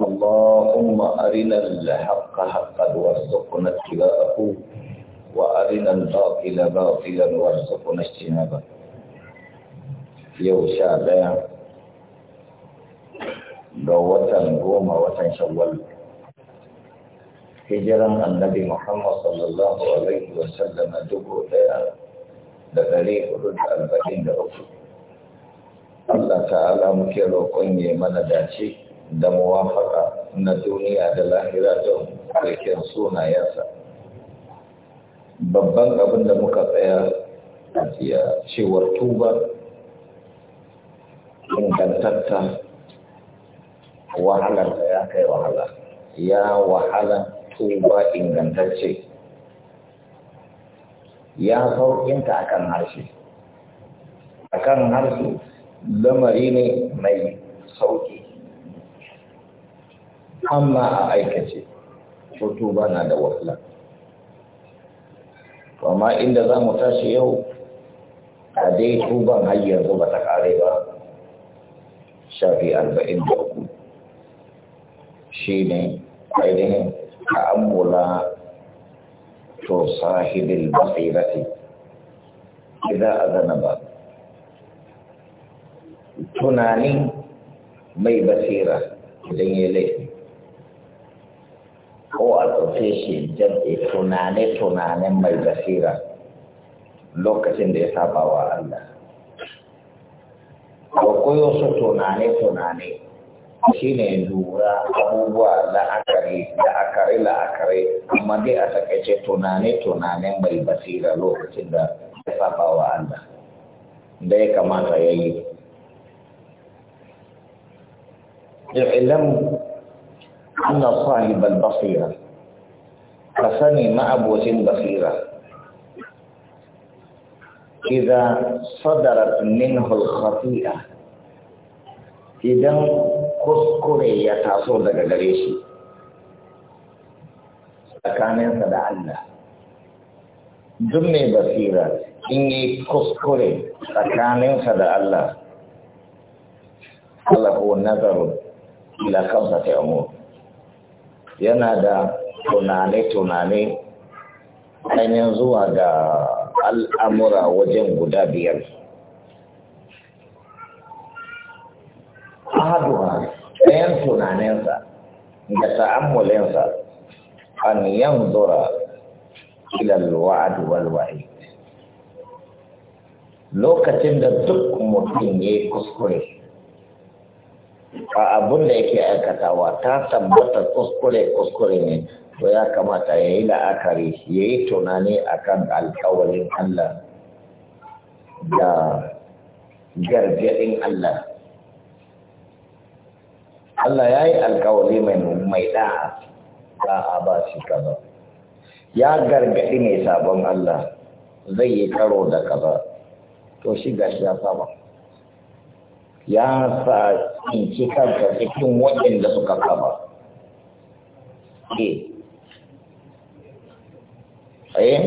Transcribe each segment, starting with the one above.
اللهم أرنا الحق حقا وارزقنا اتباعه وأرنا الباطل باطلا وارزقنا اجتنابه يوشع شعبا دوة قوم وطن شوال هجرا النبي محمد صلى الله عليه وسلم دقوا تيار دقريق رد البدين الله تعالى مكيرو قنية من داشي da muwafaka na duniya da lahira don suna sunayensa babban abin da muka tsaya ya cewar tuba ingantatta wahalar da ya kai wahala ya wahala tuba ingantacce ya sauƙinta kan harshe A kan harshe lamari ne mai sauƙi amma a aikace to ba na da wahala amma inda za mu tashi yau a dai tuban har yanzu ba ta kare ba shafi arba'in da uku shi ne ainihin ta'ammula to sahibin basirati idan azana ba tunanin mai basira idan ya laifi ko a ɗauke shi jam'i tunane-tunanen mai basira lokacin da ya saba wa Allah. koyo su tunane-tunane shi ne lura abubuwa la'akari la'akari la'akari amma dai a takaice tunane-tunanen mai basira lokacin da ya saba wa Allah. Da ya kamata ya yi. أن صاحب البصيرة حسني مع بوت بصيرة إذا صدرت منه الخطيئة إذا كسكري يتعصر لك قريشي أكان ينفد عنا جمي بصيرة إني كسكري أكان ينفد الله الله هو نظر إلى قبضة أموره yana da tunane-tunane hanyar zuwa ga al'amura wajen guda biyar. Ahaduwa ɗayan tunaninsa da ta'ammulinsa an yan zura ilalwa aduwalwa'i. Lokacin da duk mutum ya yi kuskure. a abun da yake aikatawa ta tabbata kuskure kuskure ne to ya kamata ya yi la'akari ya yi tunani a kan alkawalin Allah da gargaɗin Allah Allah ya yi alkawari mai da'a da'a ba shi kaza ya gargaɗi mai sabon Allah zai yi karo da kaza to shi gashi ya saba ya sa ci kanka cikin waɗanda suka kama ke eh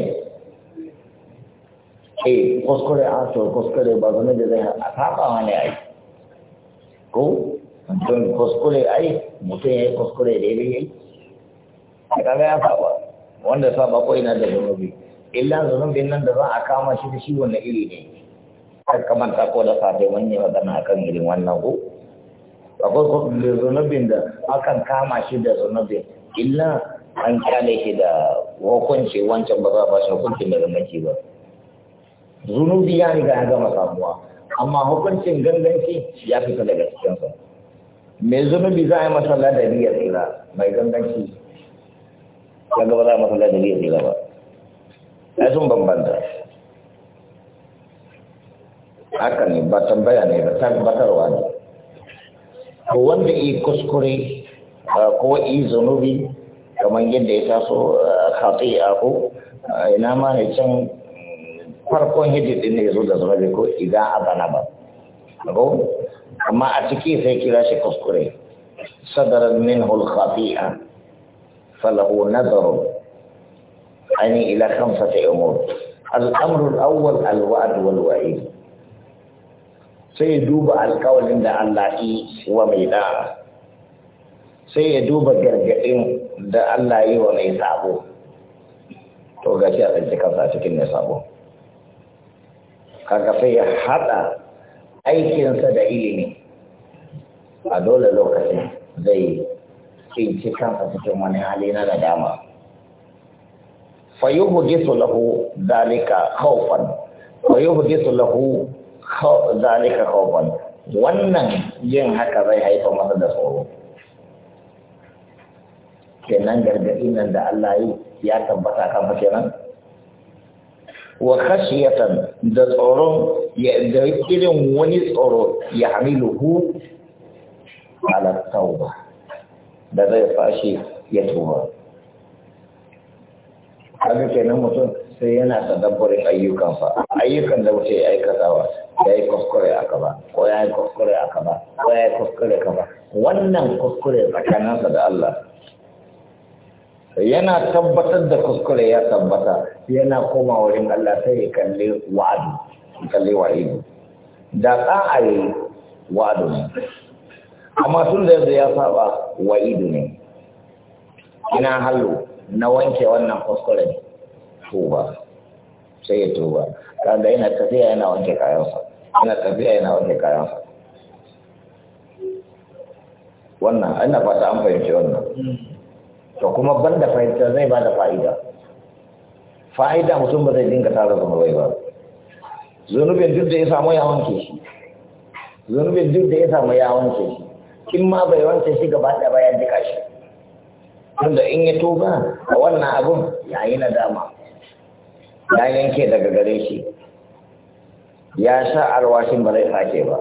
eh kuskure a so kuskure ba zama da zai a saba ne ai ko don kuskure ai mutum ya yi kuskure da ya yi kaga ya saba wanda saba ko ina da zunubi illa zunubin nan da za a kama shi da shi wani iri ne kan ta ko da safe wani magana akan irin wannan ko akwai zunubin da akan kama shi da zunubin illa an kyale shi da hukunci wancan ba za a shi hukunci da ganganci ba zunubi ya riga ya gama samuwa amma hukuncin ganganci ya fita daga cikinsa mai zunubi za a yi masa ladari ya tsira mai ganganci ya gaba za a masa ladari ya tsira ba ya sun bambanta haka ne ba tambaya ne ba tabbatarwa ne ko wanda yi kuskure ko yi zunubi kamar yadda ya taso khati'a ko ina ma ne can farkon hididin ne zo da zunubi ko idan abana ba ko amma a ciki sai kira shi kuskure sadarar min khati'a falahu nazaru ainihin ila kamsa ta umur al'amrul awwal alwa'ad wal wa'id sai ya duba alkawalin da Allah yi wa mai da'a sai ya duba gargaɗin da Allah yi wa mai sabo to gashi a tsanci kansa cikin mai sabo kaga sai ya haɗa aikinsa da ilimi a dole lokacin zai tsinci kansa cikin wani hali na nadama fayuhu gisu lahu dalika khawfan fayuhu gisu lahu zalika khawfan wannan yin haka zai haifa masa da tsoro kenan gargaɗi nan da Allah yi ya tabbata kan fa kenan wa khashiyatan da tsoron ya da irin wani tsoro ya hamiluhu ala tauba da zai fashi ya tuba haka kenan mutum sai yana tadabburin ayyukan fa ayyukan da wuce aikatawa ya yi kuskure aka ba ko ya yi kuskure aka ba ko ya yi kuskure aka ba wannan kuskure tsakaninsa da Allah yana tabbatar da kuskure ya tabbata yana koma wurin Allah sai ya kalli wa'adu kalli wa'idu da tsa'a yi wa'adu ne amma tun da yanzu ya saba wa'idu ne ina hallo na wanke wannan kuskure tuba sai ya tuba kada yana tafiya yana wanke kayansa yana tafiya yana wani kayan wannan ina fata an fahimci wannan to kuma banda fahimta zai ba da fa'ida fa'ida mutum ba zai dinga tara bai ba zunubin duk da ya samu ya wanke shi zunubin duk da ya samu ya wanke shi in ma bai wanke shi gaba ɗaya ba ya jika shi wanda in ya tuba a wannan abun ya yi dama. ya yanke daga gare shi ya sha alwashin ba zai sake ba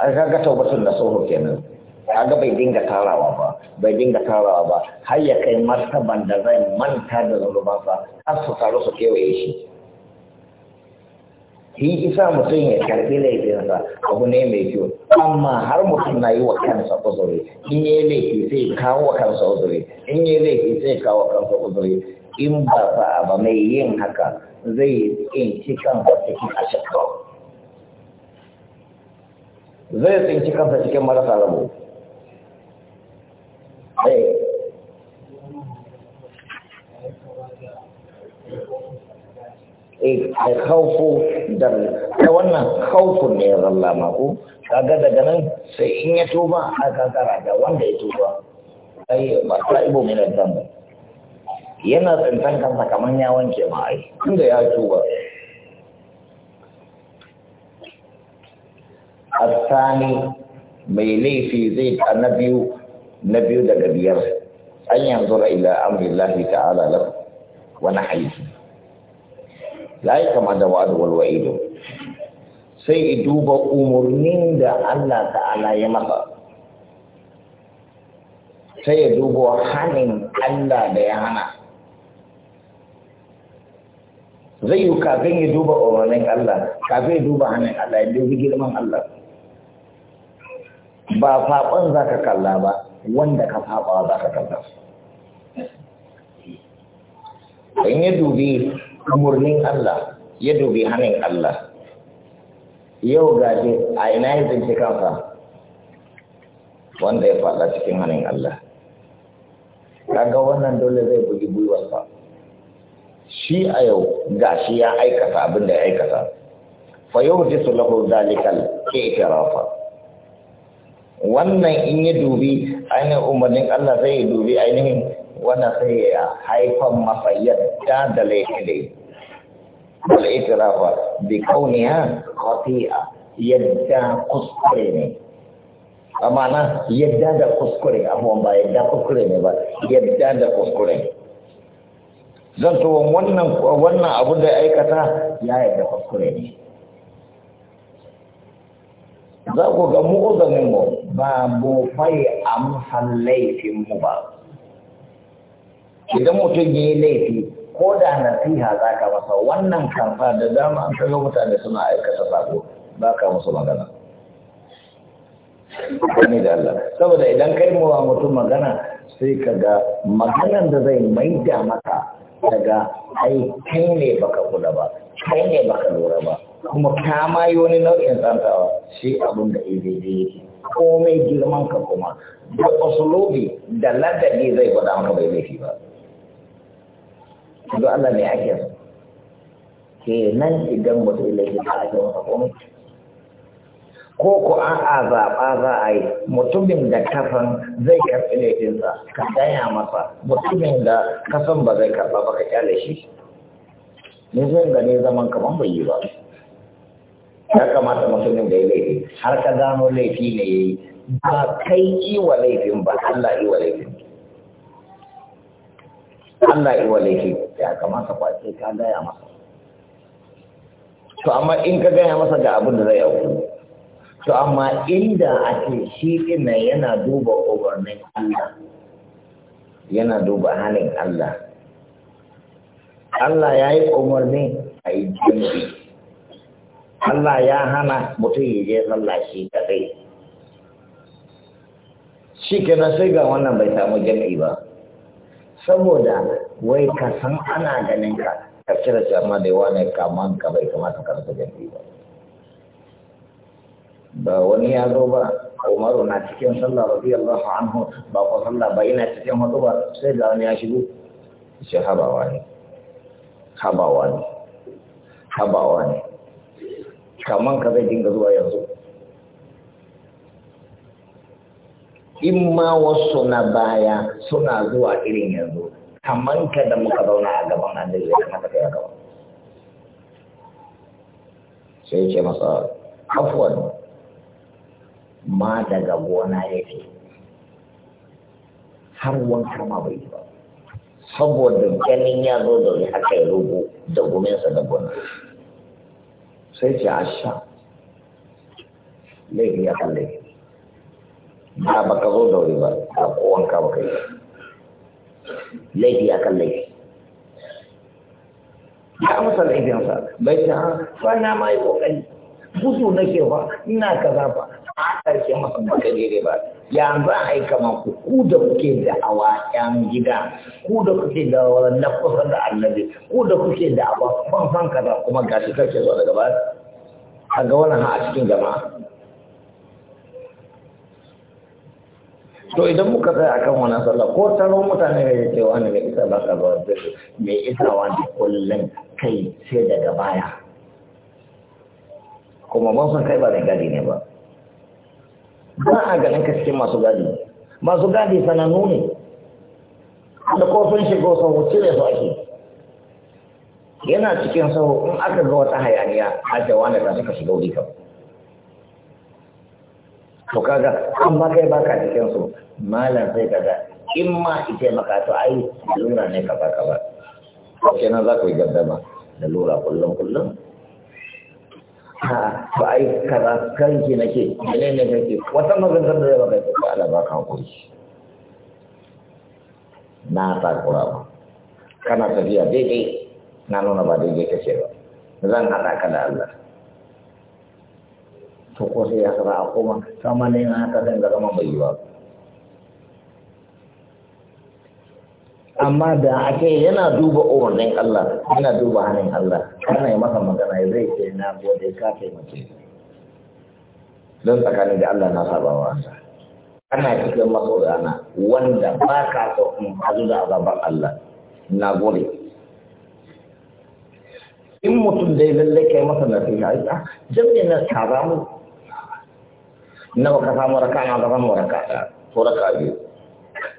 an kaga taubatun da soho kenan kaga bai dinga tarawa ba bai dinga tarawa ba har ya kai martaban da zai manta da zunubansa har su taru su kewaye shi shi isa mutum ya karɓi laifinsa abu ne mai kyau amma har mutum na yi wa kansa uzuri in yi laifi sai kawo kansa uzuri in yi laifi sai kawo kansa uzuri in ba fa ba mai yin haka zai tsinci kansa cikin ashirka zai tsinci kansa cikin marasa rabo eh. eh, alkhawfu da ta wannan khawfun ne zalla ma kaga daga nan sai in ya tuba a kankara da wanda ya tuba ai ba ta ibo mai nan yana tsantsan kansa kamar ya wanke ma'ai inda ya tuba asani mai laifi zai ta na biyu na biyu daga biyar an yanzu ila amrillahi ta'ala alalar wani haiti Ya yi kama da wa'adu walwa'ido sai duba umarnin da Allah ta'ala ya maka sai ya duba hannun Allah da ya hana zai yi kafin ya duba umarnin Allah kafin ya duba hannun Allah ya dubi girman Allah ba faɓon za ka kalla ba wanda ka faɓa za ka kalla in ya dubi umarnin Allah ya dubi hannun Allah yau gaje a ina yi zance kansa wanda ya faɗa cikin hannun Allah kaga wannan dole zai bugi gwiwarsa shi a yau gashi ya aikata abin da ya aikata fa su lahu zalikal i'tirafa wannan in ya dubi ainihin umarnin Allah zai ya dubi ainihin wannan sai ya haifan masa yadda da laifin da wal bi kauniha khati'a yadda kuskure ne amma na yadda da kuskure abuwan ba yadda kuskure ne ba yadda da kuskure zan to wannan wannan abu da aikata ya yadda kuskure ne za ku ga mu'uzamin mu ba mu fai amsan mu ba idan mutum ya yi laifi ko da nasiha za ka masa wannan kamfa da dama an kaga mutane suna aikata sako ba ka musu magana ne da Allah saboda idan kai mawa mutum magana sai ka ga maganan da zai maida maka daga ai kai ne baka kula ba kai ne baka lura ba kuma ka ma yi wani nau'in tsantsawa shi abin da daidai yake komai girman ka kuma da usulobi da ladabi zai gwada maka bai laifi ba don Allah ne ake nan idan mutum laifi ba a ake wata komai ko ko a a zaɓa za a yi mutumin da kasan zai karɓi laifinsa ka gaya masa mutumin da kasan ba zai karɓa ba ka kyale shi ne zai gane zaman kaman bai yi ba ya kamata mutumin da ya laifi har ka gano laifi ne ya yi ba kai yi wa laifin ba Allah yi wa laifin Allah yi wa laifin ya kamata kwace ka gaya masa to amma in ka gaya masa ga abin da zai auku to amma inda ake shi ina yana duba umarnin Allah yana duba halin Allah Allah ya yi umarni a yi jimbi Allah ya hana mutum ya je sallah shi kadai shi kenan sai ga wannan bai samu jami'i ba saboda wai ka san ana ganin ka ka cire jama'a da yawa ne kaman ka bai kamata ka rasa jami'i ba ba wani ya zo ba umaru na cikin sallah radiyallahu anhu ba ko sallah ba yana cikin hudu ba sai da wani ya shigo shi habawa ne habawa ne habawa ne kaman ka zai dinga zuwa yanzu in ma wasu na baya suna zuwa irin yanzu kaman ka da muka zauna a gaban annabi zai kamata kai a gaba sai ce masa afwan ma daga gona ya yake har wanka ma bai ba saboda ganin ya zo da wani haka ya rubu da guminsa da gona sai ce a sha laifi ya kalle ba ba ka zo da wuri ba a kowanka ba ka yi laifi ya kalle ya masa laifinsa bai ah, ta ba na ma yi kokari na nake ba ina kaza ba ƙarshe masu maka daidai ba ya za a yi kama ku ku da kuke da awa yan gida ku da kuke da na kusan da annabi ku da kuke da awa fanfan kaza kuma ga shi kake zuwa daga ba a ga wannan a cikin jama'a to idan muka tsaya akan wannan sallah ko taron mutane ne ce wani mai isa baka ba mai isa wani kullum kai sai daga baya kuma mun san kai ba da gadi ne ba ba a ganin ka cikin masu gadi masu gadi sananu ne da kofin shigo sau cire su ake yana cikin sau in aka ga wata hayaniya a jawa da ta suka shiga wuri to kaga an ba kai baka cikin su malam sai kaga in ma ita maka to ai lura ne ka baka ba kenan za ku yi gaddama da lura kullum kullum ha ba yi kaza kanki nake mene ne kake wata magantar da zai baka ita ba ba ka koyi na takura ba kana tafiya daidai na nuna ba daidai kace ba zan haɗa ka da Allah to ko sai ya sara a koma kama ne haka zan ga zama bai yi ba amma da ake yana duba umarnin Allah yana duba hannun Allah kana yi masa magana ya zai ce na gode ka taimake don tsakanin da Allah na saba wa sa ana cikin masoyana wanda ba ka so in hazu da azabar Allah na gode in mutum dai lalle kai masa nasiha ita ah, ne na tara mu nawa ka samu raka na ka samu raka ko raka biyu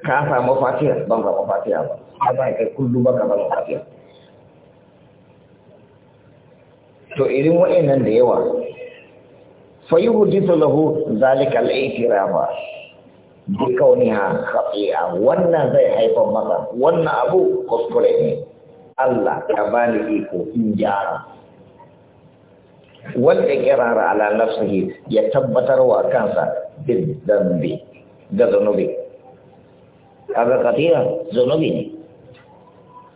ka samu fatiha ban gaba fatiha ba ba kai kullum ba ka ban fatiha to irin wa'annan da yawa fa yuhdithu lahu zalika al-i'tirafa bi kauniha khati'a wannan zai haifar masa wannan abu kuskure ne Allah ka bani iko in gyara wanda kirara ala nafsihi ya tabbatar wa kansa bil dambi da zanubi kaga katira zunubi ne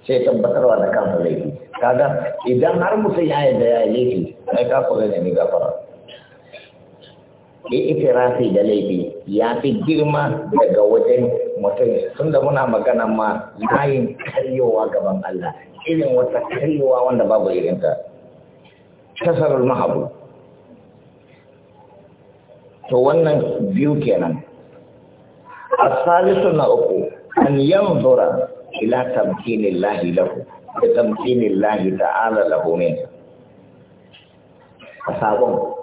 sai tabbatarwa da kansa laifi kaga idan har mutum ya da ya yi laifi ai ka kula ne ni da laifi ya fi girma daga wajen mutum tun da muna magana ma layin karyowa gaban Allah irin wata karyowa wanda babu irin irinta tasarul mahabu to wannan biyu kenan الثالث نأكو أن ينظر إلى تمكين الله له بتمكين الله تعالى له منه أصابهم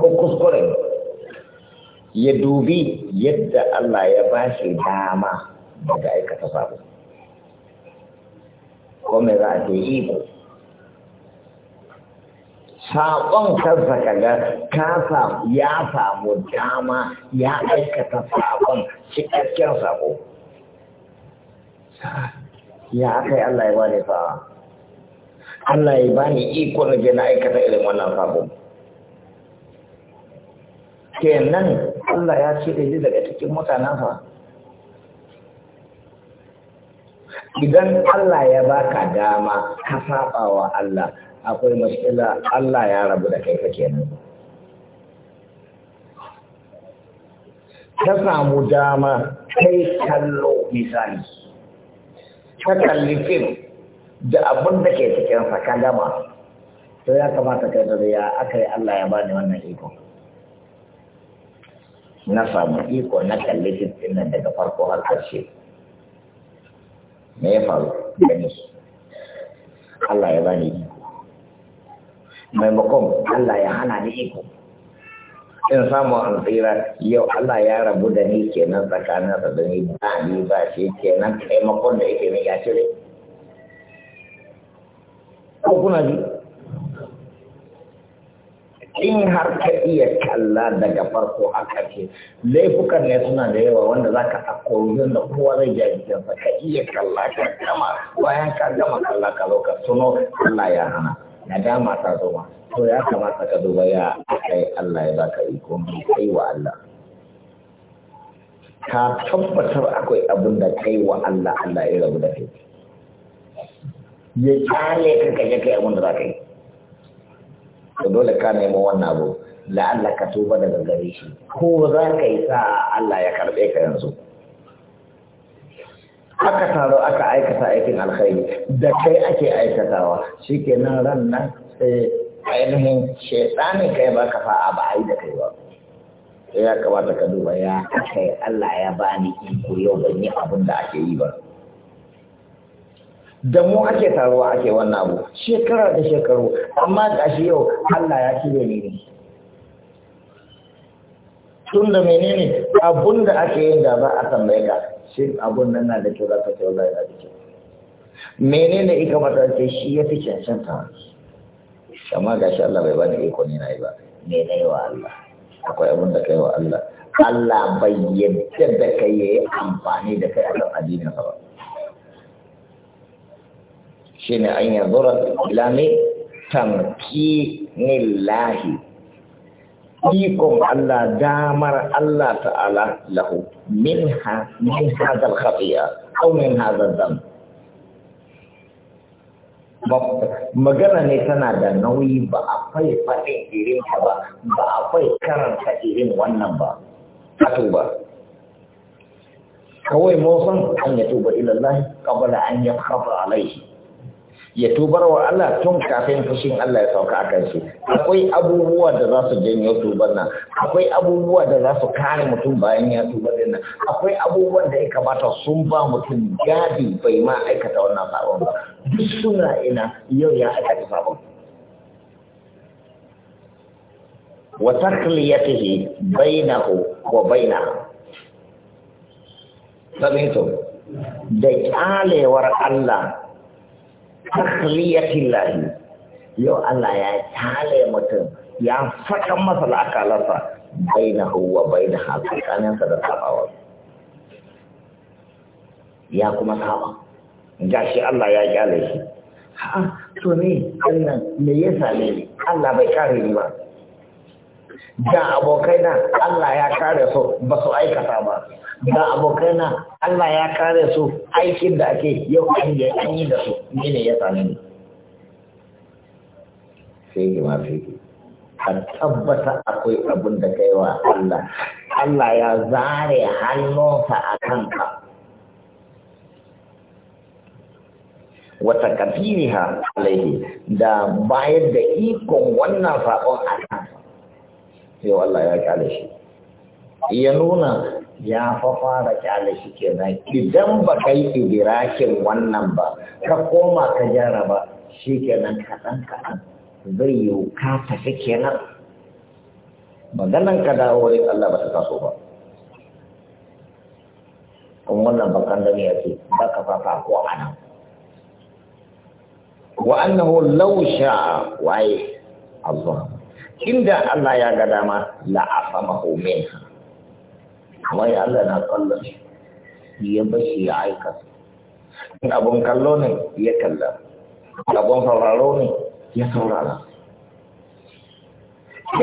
kuskure ya dubi yadda Allah ya bashi dama daga aikata sabu ko me za a ce iko saƙon kansa kaga ka samu ya samu dama ya aikata saƙon cikakken saƙo ya aka yi Allah ya ba ni fa'a Allah ya ba ni iko na je na aikata irin wannan saƙo kenan Allah ya ce da daga cikin mutanen fa idan Allah ya baka dama ka saɓa wa Allah akwai matsala Allah ya rabu da kai kake nan ta samu dama kai kallo misali ka kalli fim da abin da ke cikinsa ka gama to ya kamata ka da ya aka yi Allah ya bani wannan iko na samu iko na kalli fim ɗin nan daga farko har ƙarshe me ya faru Allah ya bani maimakon Allah ya hana ni iko in samu an yau Allah ya rabu da ni kenan tsakanin da da ni ba ni ba shi kenan taimakon da yake min ya cire ko kuna ji in har ka iya kalla daga farko haka ce laifukan ne suna da yawa wanda za ka ɗauko wurin da kowa zai jajirta ka iya kalla ka gama bayan ka gama kalla ka zo ka suno Allah ya hana nadama ta zo ma to ya kamata ka duba ya kai Allah ya baka iko mai kai wa Allah ka tabbatar akwai abin da kai wa Allah Allah ya rabu da kai ya kare ka kaje kai abin da za yi to dole ka nemo wannan abu la'alla ka tuba daga gare shi ko za ka yi sa Allah ya karbe ka yanzu aka taro aka aikata aikin alkhairi da kai ake aikatawa shi nan ran nan sai ainihin shaitanin kai baka fa'a ba a yi da kai ba sai ya kamata ka duba ya kai Allah ya bani iko yau ban yi abin da ake yi ba da mu ake taruwa ake wannan abu shekara da shekaru amma gashi yau Allah ya cire ni ne tun da menene abun da ake yin da ba a tambaye ka shi abun nan na da kyau za ka kyau za da kyau menene ika ce shi ya fi cancanta amma ga shi Allah bai bani iko ne nayi yi ba me na wa Allah akwai abun da ka yi wa Allah Allah bai yadda da kai yi amfani da kai a kan ka ba shi ne an yanzu ilami tamki nillahi ikon Allah damar Allah ta'ala lahu min ha min hadal khatiya ko min hadal dam magana ne tana da nauyi ba a fai faɗin irin ba ba a fai karanta irin wannan ba a tuba kawai mun an ya tuba ilallahi kabala an khafa alaihi ya tubar wa Allah tun kafin fushin Allah ya sauka a kansu akwai abubuwa da za su janyo tubar nan akwai abubuwa da za su kare mutum bayan ya tubar din nan akwai abubuwan da ya kamata sun ba mutum gadi bai ma aikata wannan sabon ba duk suna ina yau ya aikata sabon wa takliyatihi bainahu wa bainaha sabin to da kyalewar Allah tasliyatillahi yau Allah ya tale mutum ya faɗa masa bai na huwa bai na haka tsananta da sabawa ya kuma saba shi Allah ya kyale shi ha to ne wannan me ya same ni Allah bai kare ni ba da abokai na Allah ya kare su ba su aikata ba da abokai na Allah ya kare su aikin da ake yau an yi an yi da su ne ya same ne sai yi ma fi yi. A tabbata akwai abin da kai wa Allah Allah ya zare hannunsa a kanka wata kafiriha alaihi da bayar da ikon wannan saƙon a kansa Sai Allah ya kyale shi ya nuna ya fa fara kyale shi kenan idan ba kai idirakin wannan ba ka koma ka gyara ba shi kenan kaɗan kaɗan zai yi ka tafi kenan maganan ka dawo wurin Allah ba ta taso ba kuma wannan bakan da ne ya ce ba ka fafa ko a wa annahu law sha'a waye Allah inda Allah ya ga dama la afamahu minha amma ya Allah na kallon ya bashi ya aika. in abun kallo ne ya kalla abun sauraro ne ya saurara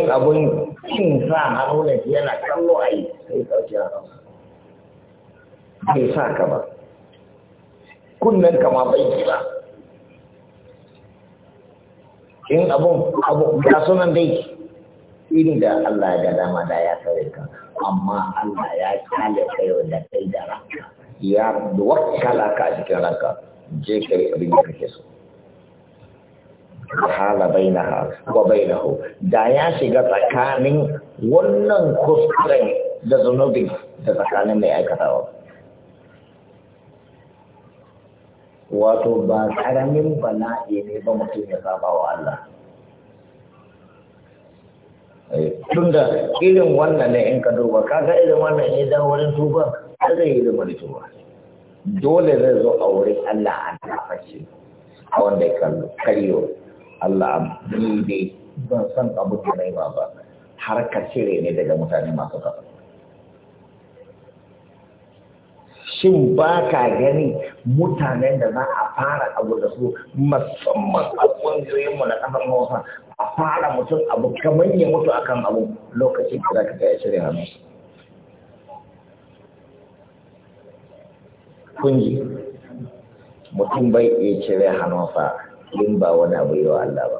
in abun cin sa hannu ne yana kallo a yi sai sauki hannu bai sa ka ba kunnen ka ma bai ba Kin abun abu ga sunan dai da Allah ya dama da ya kare ka amma Allah ya kale kai da kai da ranka ya wakala ka cikin ranka je ka yi abin da kake so hala bainaha wa bainahu da ya shiga tsakanin wannan kuskuren da zunubin da tsakanin mai aikatawa wato ba karamin bala'i ne ba mutum ya saba wa Allah eh, tunda irin wannan ne in ka duba kaga irin wannan ne da wurin tuba har zai yi irin wani tuba dole zai zo a wurin Allah an tafashe a wanda ya kallo karyo Allah ni dai ban san abu da ba har ka cire ne daga mutane masu kafa shin ba ka gani mutanen da za a fara abu da su musamman a mu na ƙasar hausa a fara mutum abu kamar ya mutu akan abu lokacin da za ka gaya shirya hannu kunji mutum bai iya cire hannunsa in ba wani abu yi wa Allah ba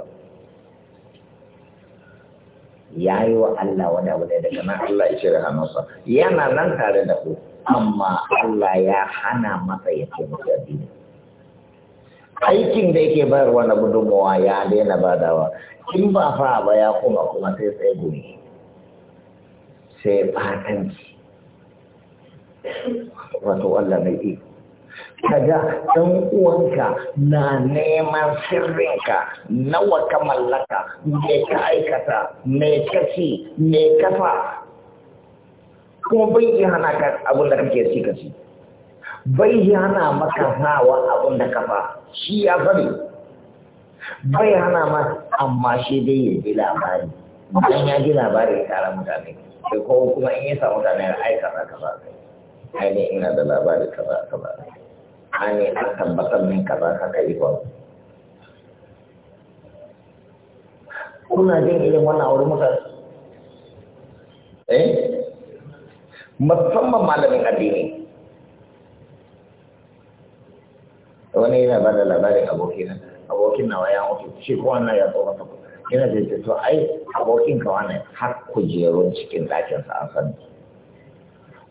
ya yi wa Allah wani abu ne daga nan Allah ya cire hannunsa yana nan tare da ku amma Allah ya hana masa ya taimaki addini aikin da yake bayar na gudunmawa ya daina badawa in ba fa ba ya kuma kuma sai tsaye gumi sai fatanci wato Allah mai iko kaga ɗan uwanka na neman sirrinka nawa ka mallaka me ka aikata me ka ci me kafa kuma bai yi hana ka abin da kake ci ka ci bai yi hana maka nawa abin da ka fa shi ya sani bai hana ma amma shi dai ya ji labari bayan ya ji labari ya tara mutane sai ko kuma in ya sa mutane ya aika ka ba kai ne ina da labari ka ba ka ba an yi an tabbatar min ka ba ka kai ba kuna jin irin wannan aure mutane eh musamman malamin addini wani yana ba da labarin abokina abokin wa ya mutu shi ko wannan ya tsoron ta yana da to ai abokin ka wannan har kujerun cikin sa an san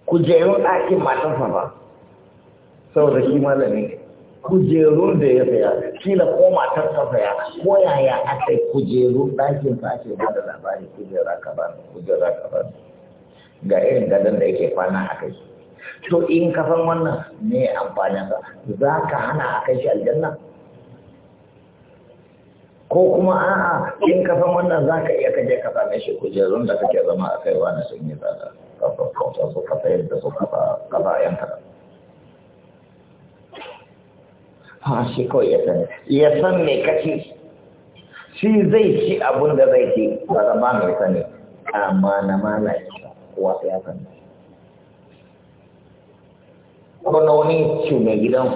kujerun ɗakin matarsa ba saboda shi malami kujerun da ya saya kila ko matar ta saya ko yaya aka yi kujerun ɗakin sa ake ba da labari kujera ka ba kujera ka ba ga irin gadon da yake kwana a kai to in ka san wannan ne amfanin sa za ka hana a kai shi aljanna ko kuma a'a in ka san wannan za ka iya kaje ka same shi kujerun da kake zama a kai wani sun yi tsada kafa kafa su kafa yadda su kafa kafa yanka ha shi kawai ya san ya san me kace shi zai ci abun da zai ci ba zama mai sani amma na malaki kowa sai ya sani ko na wani mai gidan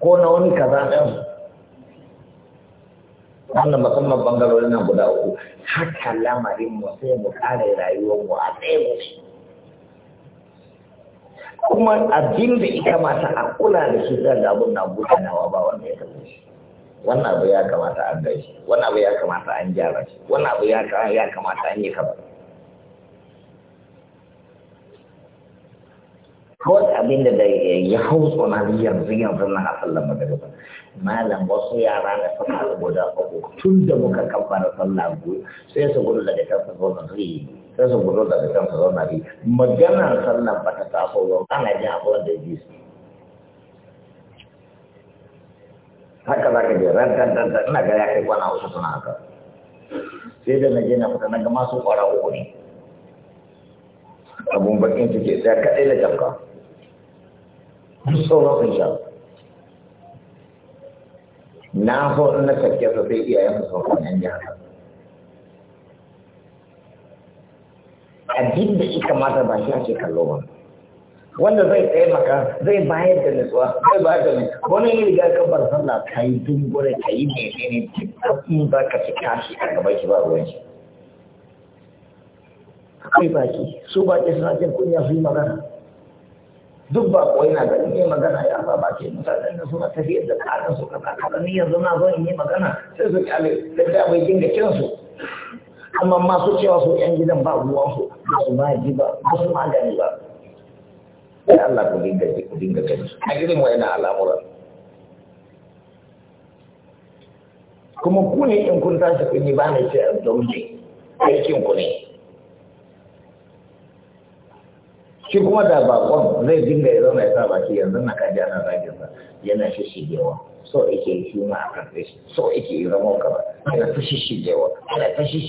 ko na wani kaza ɗan wannan musamman bangarorin nan guda uku haka lamarin mu sai mu kare rayuwar mu a ɗaya mu kuma abin da ita mata a kula da shi zan labun na butanawa ba wanda ya tafi shi wannan abu ya kamata an gaishe wannan abu ya kamata an gyara shi wannan abu ya kamata an yi kaza kawai abinda da ya hau tsunami yanzu yanzu a sallar magariba malam wasu yara na suka guda uku tun da muka kabbara sallar biyu sai su gudu daga kan su zauna su yi sai su gudu daga kan su zauna su yi maganar sallar ba ta taso ba ana jin abuwan da ji su haka za ka je ran dan dan ina ga ya kai kwana wasu suna haka sai da na je na fita na ga masu kwara uku ne abun bakin ciki sai kaɗai da jamka duk na sun sha na so in na sake sa sai iyayen su sun kwanan ji haka abin da ika mata ba shi ake kallo ba wanda zai maka zai bayar da nutsuwa zai bayar da nutsuwa wani yi riga ka bar sallah ka yi dungure ka yi menene in ba ka ci kashi a gaban ki ba ruwan shi akwai baki su baki suna jin kunya su yi magana duk ba ko yana da yi magana ya ba baki mutanen da suna tafiyar da tsarin su kaza kaka, ni yanzu na zo in yi magana sai su kyale da da bai dinga su amma masu cewa su yan gidan ba su ba su ma ji ba ba su magani ba sai Allah ku dinga ji ku dinga gani a irin wa'ina al'amura kuma ku ne in kun tashi kun yi ba na ce a domji aikin ku ne shi kuma da bakon zai dinga ya zama ya sa baki yanzu na kaji ana zagin sa yana shi so yake shi ma a karfe shi so yake zama ka ba ana ta shi shigewa ana ta shi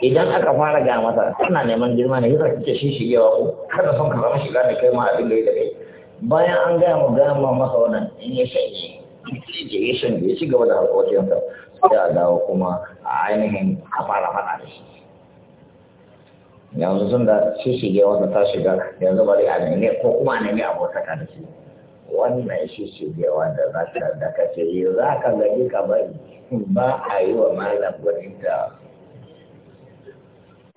idan aka fara ga masa tana neman girma ne yasa kike shi shigewa ko kada son ka zama shiga ne kai ma abin da ya kai bayan an gaya mu gaya ma masa wannan in ya shanye ke ya shanye ya ci gaba da harkokinsa sai a dawo kuma a ainihin a fara fara da shi yanzu sun da shi wanda ta shiga yanzu bari a nemi ko kuma a nemi abotaka da shi wannan shi shige wanda za ka da ka ce yi za ka gaji ka bari ba a yi wa malam gwaninta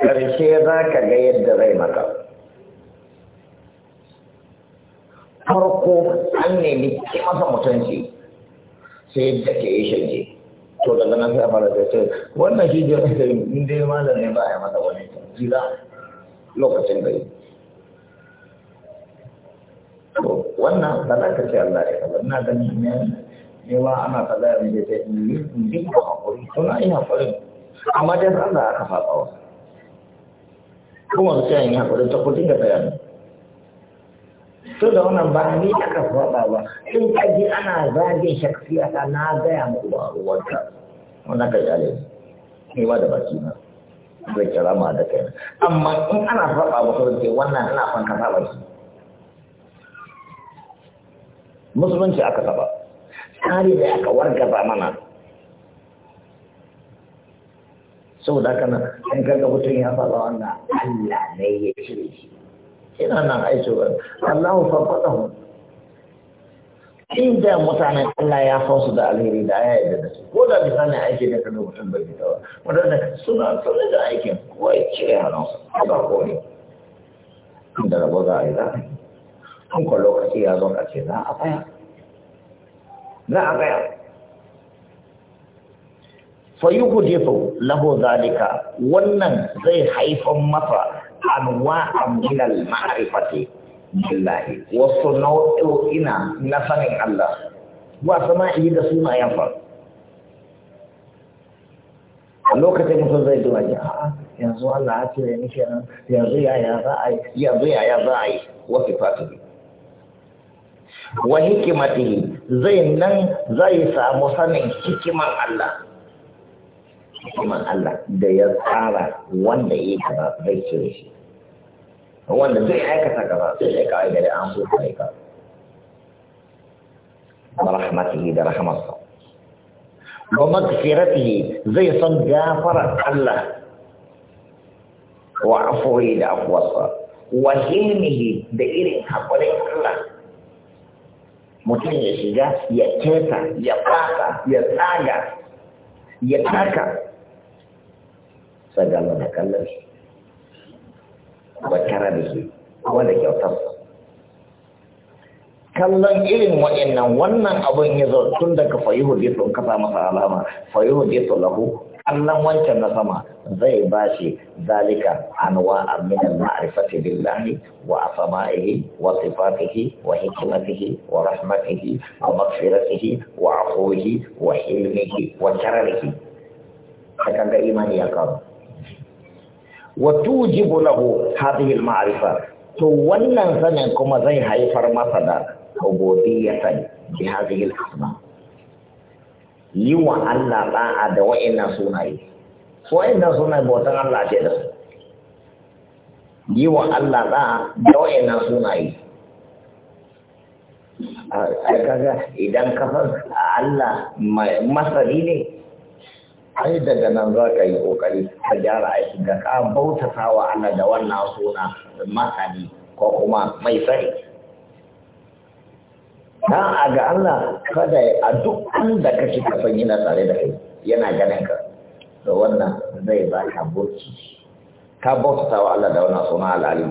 ƙarshe za ka ga yadda zai maka farko an nemi kimasa mutunci sai da ke yi shirye to daga nan sai a fara da ce wannan shi da in dai malamin ba ya yi masa wani jira lokacin da yi to wannan za ka ce Allah ya kaba ina ganin ne ne wa ana kaza ya mai ta yi in ji ba hakuri to na ina fara amma dai Allah aka faɗa wa kuma sai in yi hakuri ta kudin da bayani to da wannan ba ni aka faɗa ba in ka ji ana zagin shakfiya ta na gaya mu ba ruwanka wannan ka jale ni ba da baki na zai kira ma da kai amma in ana faɗa ba ko ce wannan ina fan ka ba shi musulunci aka saba tsari da aka wargaza mana saboda kana nan in ga mutum ya faɗa wannan Allah ne ya ce shi ina nan Allah ya Allahu mu inda mutanen Allah ya san su da alheri da ya yarda da su ko da misalin aiki da kano mutum bai fita ba wadanda suna sanar da aikin kowa ya cire a ba Ko da rabo za a yi za a yi an lokaci ya zo a ce za a tsaya za a tsaya fayuhu jefu lahu zalika wannan zai haifan masa anwa min al-ma'rifati billahi wasu ina na sanin Allah wa yi da sunayen fa a lokacin mutum zai duba ya a'a yanzu Allah ya ce ni kenan yanzu yaya za a yi yanzu ya za a yi wasu fatu wa hikimatihi zai nan zai samu sanin hikiman Allah hikiman Allah da ya tsara wanda ya yi kaza zai cire shi wanda zai aikata kaza zai yi kawai da an so ka aika rahmatihi da rahmatsa wa magfiratihi zai san gafarar Allah wa afuwi da afuwarsa wa hilmihi da irin haƙurin Allah mutum ya shiga ya keta ya fata ya tsaga ya taka sagala da kallon shi da shi kuma da kyautar kallon irin wa'annan wannan abin ya zo tun daga fayihu da sun kasa masa alama fayihu da sun lahu kallon wancan na sama zai ba shi zalika anwa aminan ma'arifati billahi wa asama'ihi wa sifatihi wa hikimatihi wa rahmatihi wa maghfiratihi wa afuhi wa hilmihi wa kararihi ta ga imani ya kawo wa tujibu lahu hadhihi al-ma'rifa to wannan sanin kuma zai haifar masa da ubudiyatan bi hadhihi al-asma yi wa Allah da'a da wa'annan sunaye so wa'annan sunaye ba bautan Allah ce da su yi wa Allah da'a da wa'annan sunaye a kaga idan ka san Allah masari ne ai daga nan za ka yi kokari ka gyara aiki? Da ka bautata wa Allah da wannan suna makani ko kuma mai sani dan a ga Allah kada a duk da kake ka san yana tare da kai yana ganin ka da wannan zai ba ka burki ka bautata wa Allah da wannan suna al'alim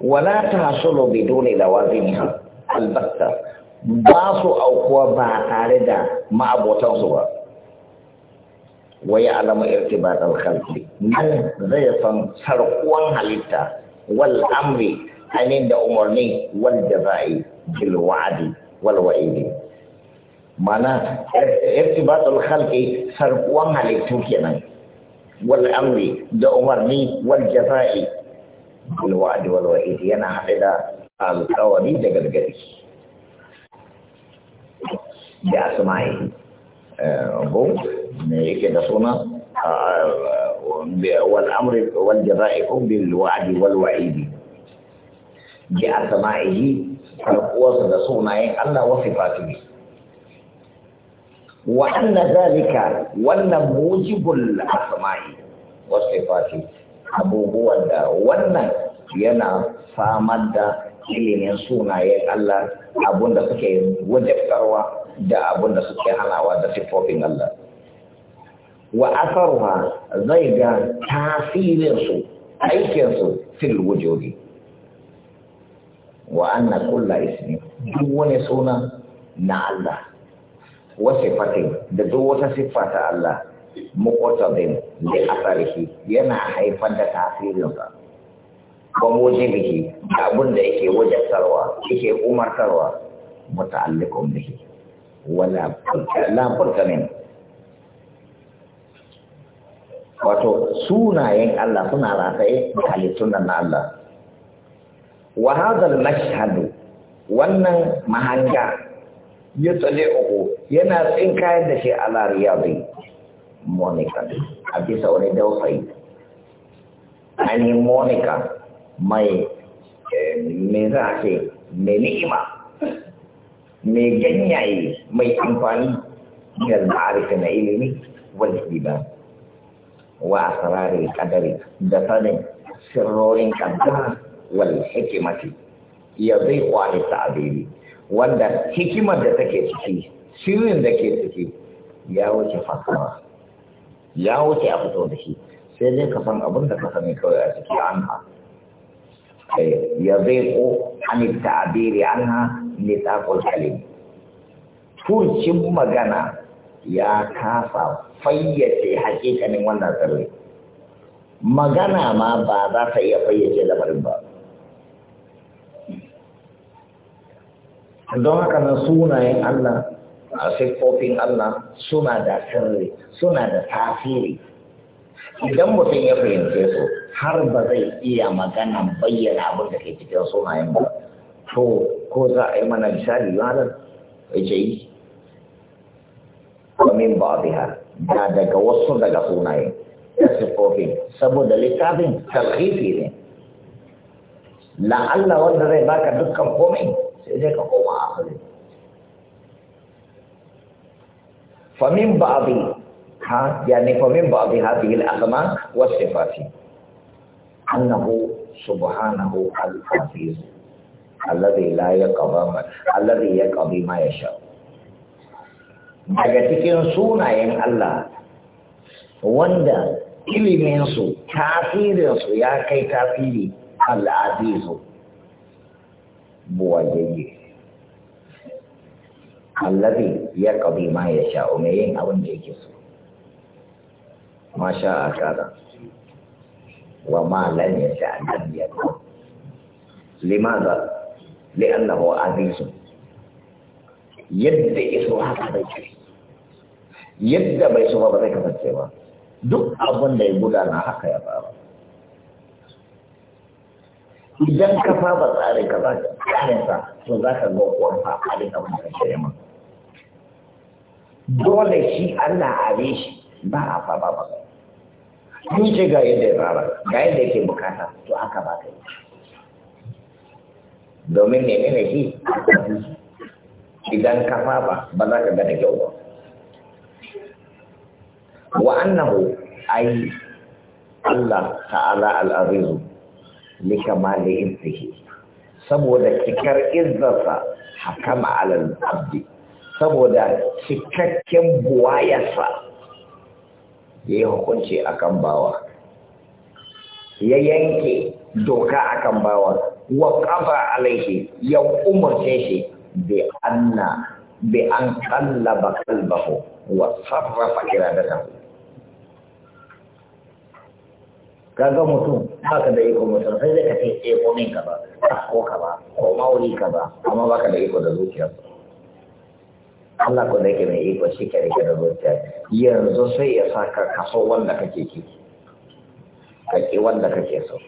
wala ta tahsulu da lawazimha albatta ba su aukuwa ba tare da ma'abotansu ba Wai ya alama irtibat al-khalqi nan zai san sarkuwan halitta wal amri hanin da umarni wal jaza'i bil wal wa'idi mana irtibat al-khalqi sarkuwan halittu kenan wal amri da umarni wal jaza'i bil wal wa'idi yana haɗa da alƙawari da gargadi da asma'i go me yake da suna wal amri wal jazai ko bil wa'di wal wa'idi bi asma'ihi farquwa da sunayen Allah wasu sifatihi wa anna zalika wannan a asma'i wasu sifatihi abubuwan da wannan yana samar da ilimin sunayen Allah abunda suke wajabtarwa da abun da suke halawa da siffofin Allah wa asarwa zai ga tasirinsu aikinsu fil wujudi wa anna kulla ismi duk wani suna na Allah wa fatin da duk wata siffa ta Allah ne a asarihi yana haifar da tasirinsa waje mujibihi da abun da yake sarwa, yake umartarwa muta'alliqun biki. wala furka min wato sunayen Allah suna rataye da halittun nan na Allah wa hadal mashhadu wannan mahanga ya tsale uku yana kayan da shi ala riyadi monika a bisa wani dausayi ani monika mai eh, me za a ce me ni'ima me ganyaye mai amfani ga ma'arika na ilimi wani ba wa asararin kadari da sanin sirrorin kanta wani hikimati ya zai kwari ta abiri wanda hikimar da take ciki shirin da ke ciki ya wuce fasawa ya wuce a fito da shi sai dai ka abin da ka sani kawai a ciki an ha eh, ya zai ko an ta abiri an ha ne ta kwalkali furcin magana ya kasa fayyace hakikanin wannan tsirrai magana ma ba za ta iya fayyace lamarin ba don haka nan sunayen Allah a siffofin Allah suna da sirri suna da tasiri idan mutum ya fahimce su har ba zai iya magana bayyana abin da ke cikin sunayen ba to ko za a yi mana misali yanar ce yi ومن بعضها هذا قوصر دا قصونا يسفو في سبو دلتا دي تلخيط دي لعل ودر باك دكا قومي سيديك قوم آخر فمن بعضي ها يعني فمن بعض هذه الأغماء والصفات أنه سبحانه الحفيظ الذي لا يقضى الذي يقضي ما يشاء daga cikin sunayen Allah wanda iliminsu tasirinsu ya kai tasiri al'adisu buwajeye allabi ya kabi ma ya sha'o mai yin abin da yake so masha a kada wa ma lan ya sha ya ko limaza wa azizun yadda iso haka da kiri yadda bai so ba zai kasance ba duk abin da ya gudana haka ya fara idan ka saba tsarin ka za ka tsarinsa to za ka ga kwanfa a duk abin da ka yamma dole shi Allah a shi ba a saba ba kun ce ga yadda ya fara ga yadda yake bukata to haka ba ka yi domin ne ne shi idan ka saba ba za ka ga da kyau ba wa annahu ay Allah ta'ala al'azizu li kamali izzihi saboda cikar izzarsa hakama alal abdi saboda cikakken buwayarsa ya yi hukunci akan bawa ya yanke doka akan bawa wa kafa alaihi ya umarce shi bi anna bi an kallaba kalbahu wa sarrafa iradatahu kaga mutum haka da iko mutum sai zai ka ce eh ko min ka ba ko ka ba ko mauri ka ba amma baka da iko da zuciya Allah ko da yake mai iko shi ke rike da zuciya yanzu sai ya saka so wanda kake ki ka ki wanda kake so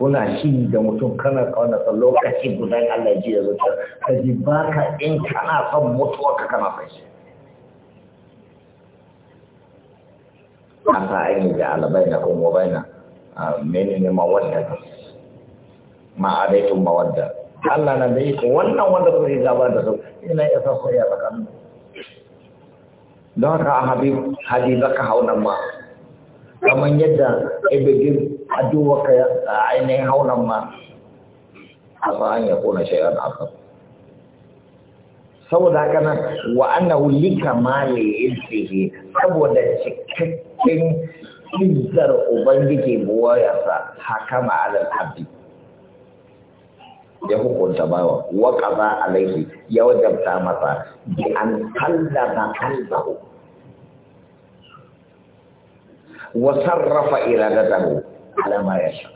kuna shi da mutum kana kauna sa lokaci guda Allah ya ji da zuciya ka ji baka in kana son mutuwa ka kana fashi an sa an yi ja'ala baina kun wa menene mawadda ma mawadda Allah na da yake wannan wanda kuka yi gaba da sau. ina ya sa soyayya tsakanin don haka a hadi habiba ka nan ma kamar yadda ibigin aduwa ka ainihin nan ma a sa'an ya kona shayar akan saboda haka nan wa annahu likamali ilmihi saboda cikakken cikin izzar ubangiji buwayarsa hakama alal abdi ya hukunta bawa wa qaza alaihi ya wajabta masa bi an kallaba kalbahu wa sarrafa iradatahu ala ma yasha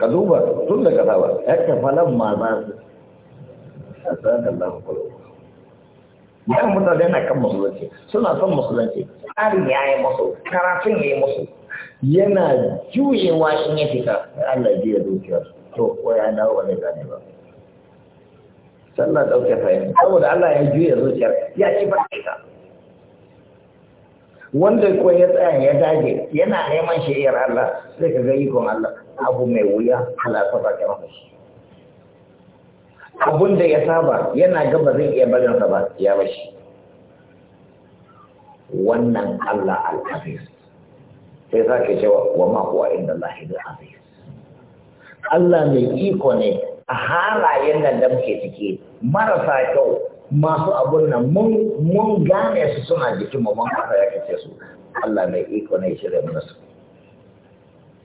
ka duba tun da ka saba ya ta falan ma su a tsakan da ku Yan mutane na kan musulunci, suna son musulunci, tsari ya yi musu, karafin ya yi musu, yana juyewa in ya fita, Allah juya dukiyar, to, ko ya dawo wani gane ba. sannan ɗauke fahimta, saboda Allah ya juya zuciyar, ya ci ba ta wanda ko ya tsaya ya dage yana neman shari'ar Allah sai ka ga ikon Allah abu mai wuya Allah ya saba ka shi abun da ya saba yana gaba zai iya barin sa ba ya bashi wannan Allah al-Aziz sai sake cewa wa ma huwa inda Allah al-Aziz Allah mai iko ne a halayen nan da muke ciki marasa kyau masu abun nan mun gane su suna jikin mu mun fara ya kace su Allah mai iko ne shirye mana su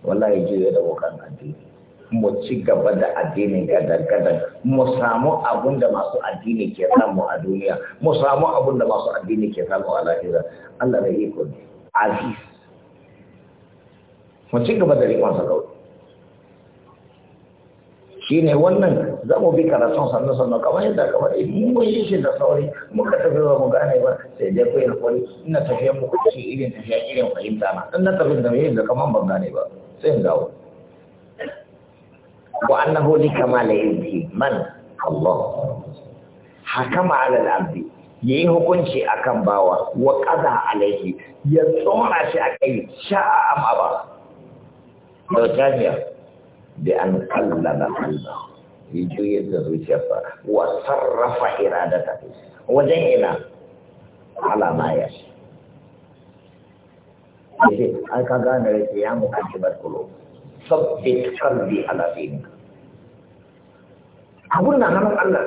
wallahi jiya da bokan addini mu ci gaba da addinin gadan-gadan mu samu abun da masu addini ke samu a duniya mu samu abun da masu addini ke samu a lahira Allah da iko ne aziz mu ci gaba da rikon sa kawai shine wannan za mu bi karatun sannan sannan kamar yadda kamar yi mun yi shi da sauri muka tafi ba mu gane ba sai dai ku yi hakuri ina tafiya muku ce irin tafiya irin fahimta na dan na tafi da mai da kamar ban gane ba sai in dawo Wa وأنه لكمال man Allah hakama ala al-abdi yayi hukunci akan bawa wa qada alaihi ya tsora shi akai sha amma ba to tanya bi an qallala qalba yi juye zuciya fa wa sarrafa iradata wajen ina ala ma ya shi ai ka gane ya mu kan barkulo. sabbit qalbi ala dinika abun na hannun Allah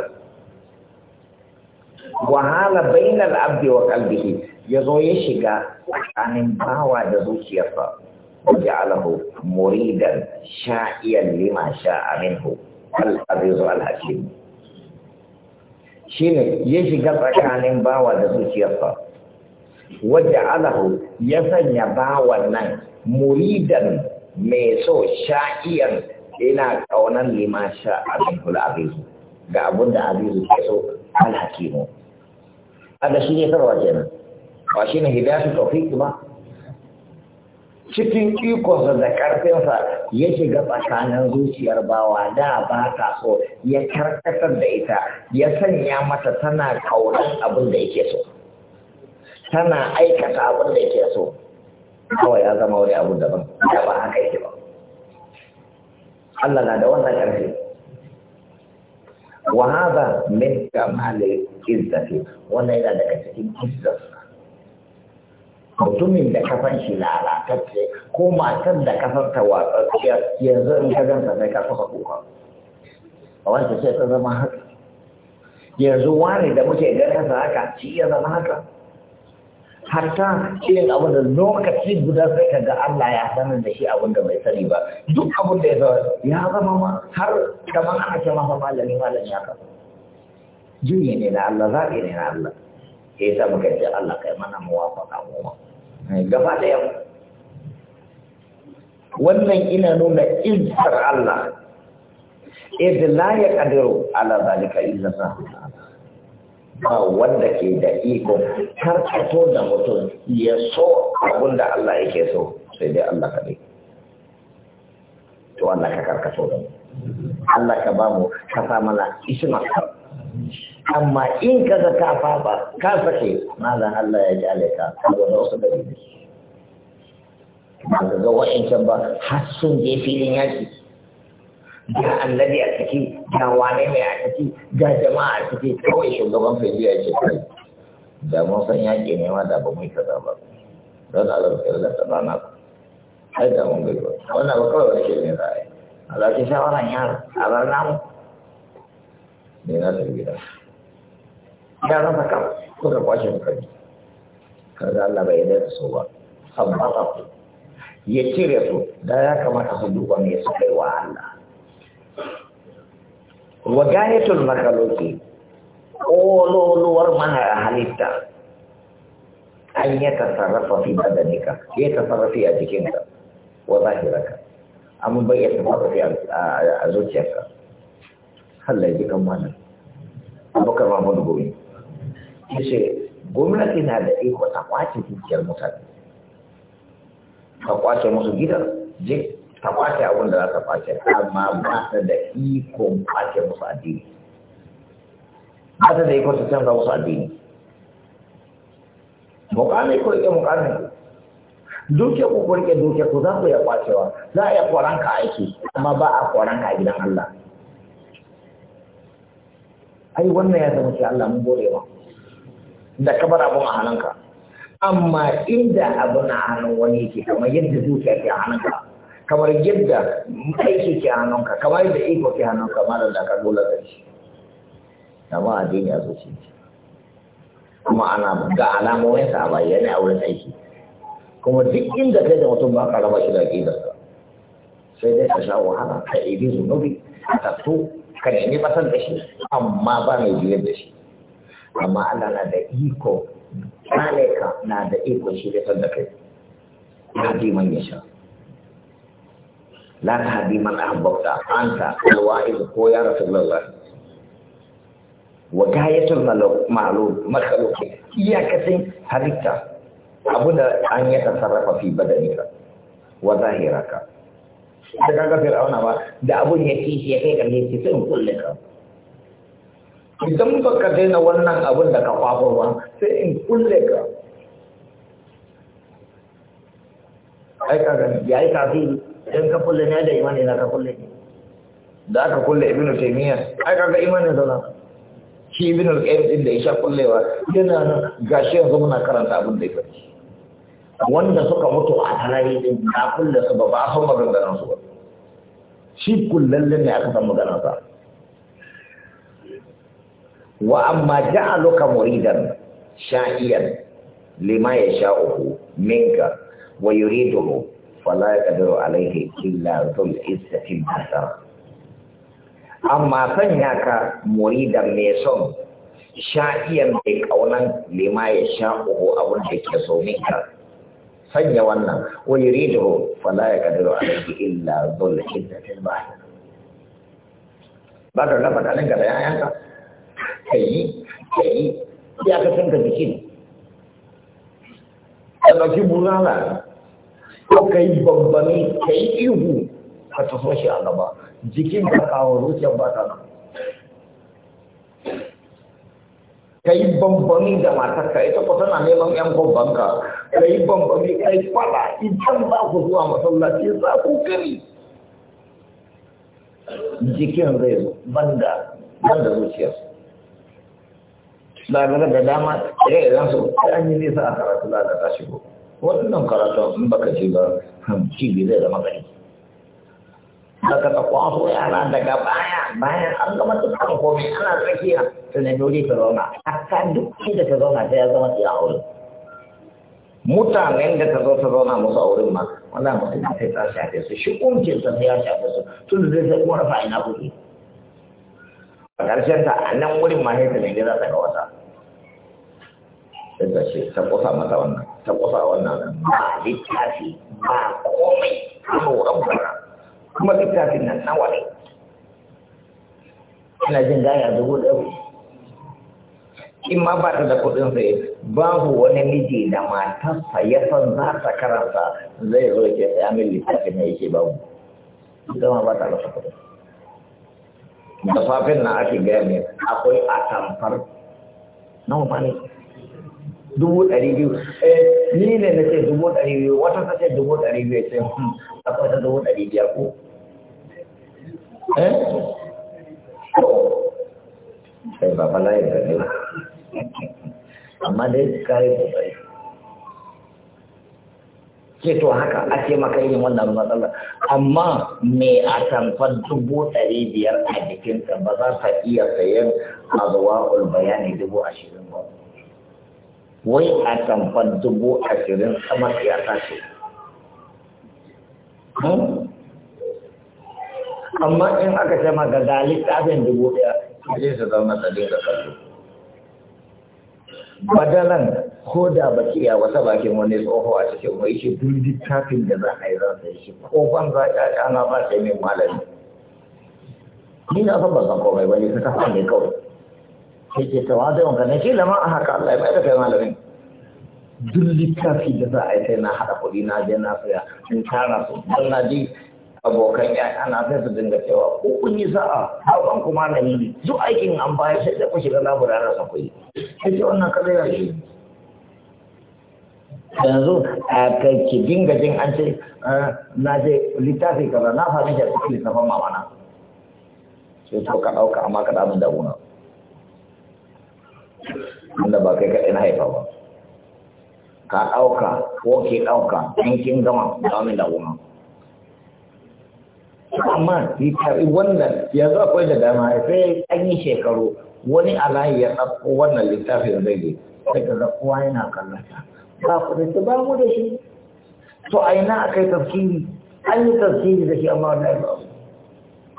wahala bainal abdi wa qalbihi yazo ya shiga tsakanin bawa da zuciyarsa waja'alahu muridan sha'iyan lima sha'a minhu al-azizu al-hakim shine ya shiga tsakanin bawa da zuciyarsa waja'alahu ya sanya bawan nan muridan mai so sha'iyar ina kaunar lima sha abin hula abizu ga abin da abizu ke so alhakimu aga shi ne ke nan. ba shi ne hidayatu tawfiq ba cikin ikonsa da ƙarfinsa ya shiga tsakanin zuciyar bawa da ba ta so ya karkatar da ita ya sanya mata tana kaunar abin da yake so tana aikata abin da yake so kawai ya zama wani abu daban da ba haka yake ba Allah na da wannan ƙarfi wa haza min kamali izzati wannan yana daga cikin izzarsa mutumin da kafan shi lalatacce ko matar da kafar ta watsacciya yanzu in ka ganta sai ka saka kuka a wancan sai ta zama haka yanzu wani da muke ganin haka shi ya zama haka hatta irin abin da lokaci guda sai ka ga Allah ya sanar da shi abin da bai sani ba duk abin da ya zama ya zama ma har kamar ana ce masa malami malami haka juyi ne na Allah zaɓi ne na Allah ya yi samu kai Allah kai mana muwafaka mu ma gaba ɗaya wannan ina nuna izar Allah إذ لا kadiru ala ذلك إلا illa تعالى ba wanda ke da iko karkato da mutum ya so abin da Allah yake so sai dai Allah kaɗai to Allah ka karkato da mu Allah ka ba mu ka sa mana isma amma in ka ga ka fafa ka sake malan Allah ya ji alaika saboda wasu dalilai ba ga wa'ancan ba har sun je filin yaki ga annabi a ciki ga wane mai a ciki ga jama'a a ciki kawai shugaban filiya ce kai da mun san yaƙi ne ma da ba mu yi kaza ba don alaƙar da ta rana ku ai da mun gari wannan ba kawai wani shirin za a yi a zaƙi shawaran yara a bar namu ne na tafi gida yaran sa kawai suka kwashe mukari kaza Allah bai yi da su ba sabbata ku ya cire su da ya kamata su duba me su kai wa Allah wa gayatul makaloki ƙololuwar mahara halitta an yi tasarrafa fi badanika ya tasarrafi a jikinka wa zahiraka amma bai ya tasarrafi a zuciyarka Allah ya ji kan mana abokan mahmud gobe ya ce gwamnati na da iko ta kwace zuciyar mutane ka kwace musu gida je ta kwace abin da za ta kwace amma ba ta da ikon kwace musu addini ba ta da ikon ta canza musu addini mukami ko ike mukami duke ku ku rike duke ku za ku ya kwacewa za a iya kwaranka aiki amma ba a kwaranka a gidan Allah ai wannan ya zama sai Allah mun gode ba da kabar abun a hannunka amma inda abun a hannun wani yake kamar yadda dukiya ke a hannunka kamar yadda aiki ke hannunka kamar yadda iko ke hannunka ma da ka dole da shi amma addini a zuci kuma ana ga alamomin sa a bayyane a wurin aiki kuma duk inda kai da mutum ba karama shi da aƙidarsa sai dai ka sha wahala ka ibi zunubi a tattu ka nemi batar da shi amma ba mai juyar da shi amma Allah na da iko malaka na da iko shi da kai ya haɗi manyan shi la tahdi man ahbabta anta alwa'iz ko ya rasulullah wa gayatul ma'lum iya iyakatin halitta abu da an ya sarrafa fi badanika wa zahiraka da kaga fir'auna ba da abun ya kishi ya kai gare shi sai kulle ka idan baka daina wannan abun da ka kwafo ba sai in kulle ka ai kaga yayi kafiri idan ka kulle ne da imani na ka kulle ne da aka kulle ibn taymiya ai kaga imanin nan. shi ibn al-qayyim din da isha kullewa yana nan gashi yanzu muna karanta abin da yake wanda suka mutu a halari din da kulle su ba ba san maganganun su ba shi kullalle ne aka san maganar sa wa amma ja'aluka muridan sha'iyan lima yasha'uhu minka wa yuriduhu wala ya kadiru alaihi illa zul izzatil basar amma sanya ka muridan mai son sha'iyan mai kaunan lima ya sha'uhu abin da ke so ka. sanya wannan wani yuriduhu fala ya kadiru alaihi illa zul izzatil basar ba ka gaba da ka. da yayanka kai kai ya ka san ka jiki ne ka ɗauki bulala ko ka yi bambami ka yi ihu ka taso shi a gaba jikin ka kawo zuciyar ba ta nan ka yi bambami da matarka ita kusa tana neman yan gwabbanka ka yi bambami ka yi fada idan za ku zuwa masallaci za ku gani jikin zai zo banda banda zuciyar lagara da dama ire-iren eh, su an yi nisa a karatu ta shigo wannan karatun in baka ce ba cibi hmm, zai zama gari daga ta kwaso yara daga baya bayan an gama dukkan komai ana tsakiya ta nemi wuri ta zauna hatta duk inda ta zauna ta ya zama ta ya aure mutanen da ta zo ta zauna musu auren ma wannan mutum sai ta shafe su shi kuncin ta ya shafe su tun da zai kuma rafa ina kuɗi a ƙarshen ta a nan wurin ma sai ta nemi za ta ga wata sai ta ce ta kusa mata wannan ta kusa wannan ba littafi ba komai tsoron bara kuma littafin nan nawa ne ina jin gaya dubu ɗari in ma ba ta da kuɗin sai babu wani miji da matarsa ya san za ta karanta zai zo ke tsaya min littafin ya yake babu zama ba ta rasa kuɗin da safin na ake gaya ne akwai atamfar nawa ne dubu ɗari biyu eh, ni ne na ce dubu ɗari biyu wata ta ce dubu ɗari biyu ce hmm, akwai ta dubu ɗari biyar ko eh sai ba fala ya gane ba amma dai kare kokari Ke to haka a ce maka yin wannan matsala amma me a tamfar dubu ɗari biyar a jikinka ba za ta iya sayan azuwa ulbayani dubu ashirin ba wai a tamfar dubu ashirin sama ya tashi hmm? amma in aka ce maka ga littafin dubu ɗaya zai su zama tsadin da kallo badalan ko da baki ya wata bakin wani tsoho a cikin wai shi duk littafin da za a yi za sai shi ko ban za a yi ba sai min malami ni na san ba san komai ba ne ta kafa ne kawai yake tawadon ka nake lama a haka Allah ya bai da kai malamin duk littafi da za a yi sai na haɗa kuɗi na je na saya in tara su don na ji abokan yaya na sai su dinga cewa ko kun yi sa'a hawan kuma na yi duk aikin an bayar sai da ku shiga na sa kuyi sai ce wannan kada ya shi yanzu a kai ki dinga jin an ce ah, na je littafi kaza na fahimci a cikin littafin mamana sai to ka ɗauka amma ka ɗamin da wuna wanda ba kai kaɗai na haifa ba ka ɗauka ko ke ɗauka in kin gama da wani da goma amma yi karɓi wannan yanzu akwai da dama sai an yi shekaru wani alayi ya ɗauko wannan littafin rage sai ka kowa yana kallata ba ku da shi ba mu da shi to a yi na a kai tafsiri an yi tafsiri da shi amma wannan ba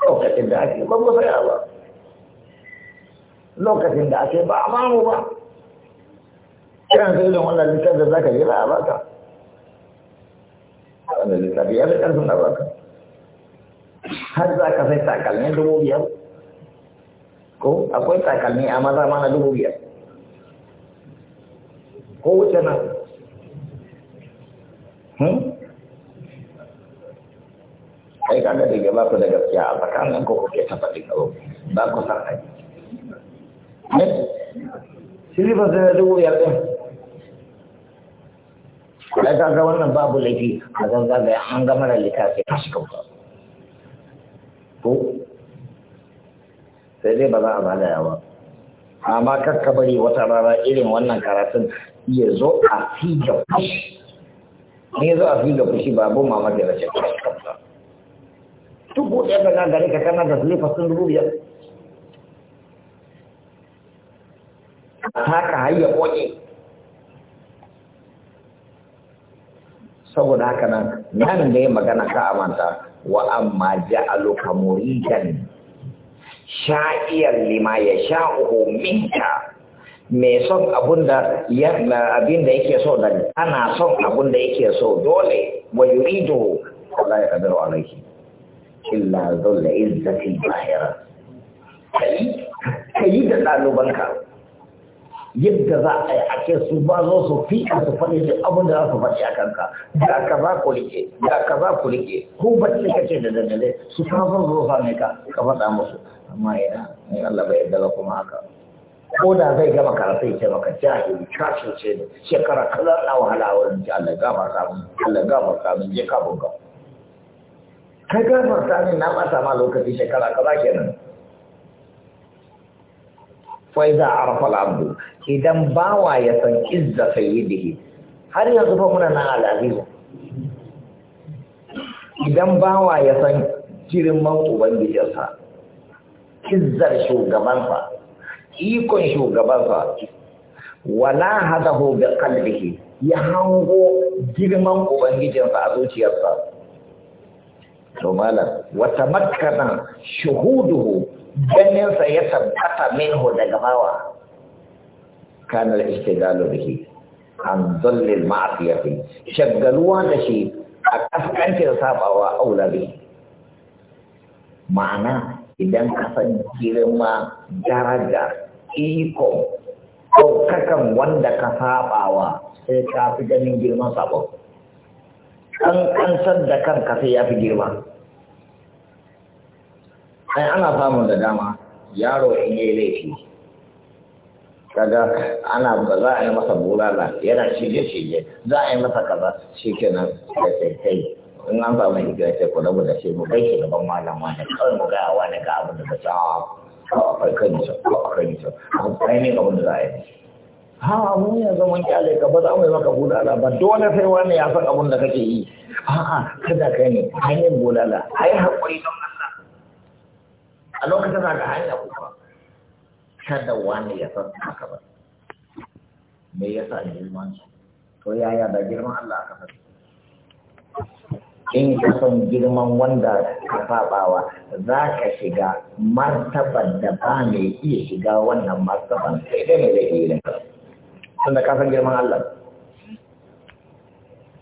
lokacin da ake ba mu saya ba lokacin da ake ba a mamu ba kiran sai irin wannan littafin za ka je za a baka wannan littafi ya fi ƙarfin da baka har za ka sai takalmi dubu biyar ko akwai takalmi a maza mana dubu biyar ko wuce nan kai hmm? kaga da gaba ku da gaskiya a tsakanin ko kuke ta faɗi karo ba ku san aiki. Hmm? Ne? Sirri ba zai dubu biyar ɗin. ta kaga wannan babu laifi a zanzagaya an ga mara littafi a shi kauta ko sai dai ba za a zagaya ba amma kakka bari wata rana irin wannan karatun ya zo a fi da fushi ne zo a fi da fushi ba abu mamar da rashin kauta duk wata yadda na gari ka kana da zulifa sun rubiya ta ka hayya koke saboda haka nan yanin da ya magana ka amanta wa amma ja'aluka muridan sha'iyar lima ya sha minka mai son abinda abinda yake so da ana son abinda yake so dole wa yuridu Allah ya wa alaihi illa zulla izzati bahira kai kai da ɗalibanka yadda za a yi ake su ba zo su fi a su faɗi duk abin da za su faɗi a kanka da ka za ku rike da ka za ku rike ko ka ce da daddare su ta zo zo mai ka ka faɗa musu amma ina ne Allah bai yarda ba kuma haka ko da zai gama karatu ya ce maka jahili ka ce ne shekara kaza na wahala a wurin ji Allah gafarta min Allah gafarta min je ka bunga kai gafarta min na ɓata ma lokaci shekara kaza kenan iza arafa al'abdu idan bawa ya san izza sayyidihi har yanzu fa muna nan al'aziz idan bawa ya san girman ubangijinsa izzar shugabansa ikon shugabansa wala hadahu bi qalbihi ya hango girman ubangijinsa a zuciyarsa to malam wa tamakkana shuhuduhu ganinsa ya tabbata minhu daga bawa kana al da shi. an dhallil ma'siyati shaggaluwa da shi a kaskancin sabawa aula bi ma'ana idan ka san girma daraja iko ɗaukakan wanda ka sabawa sai ka fi ganin girman sabon an kansar da kanka sai ya fi girma ai ana samun da dama yaro in yi laifi kaga ana ba za a yi masa bulala yana shige shige za a yi masa kaza nan da sai kai in an samu hijira sai ku rabu da shi mu kai shi gaban malam wani kawai mu gaya wani ga abin da ta sa kawai kan nisa kawai kan nisa abu kai ne abin da za a yi ha mu yanzu mun kyale ka ba za mu yi maka bulala ba dole sai wani ya san abin da kake yi a'a kada kai ne hanyar bulala ai haƙuri don a lokacin na da hanya kuma kada wani ya san haka ba me yasa girman su to yaya da girman Allah aka san in ka san girman wanda ka sabawa za ka shiga martaban da ba mai iya shiga wannan martaban sai dai mai zai iya tunda ka san girman Allah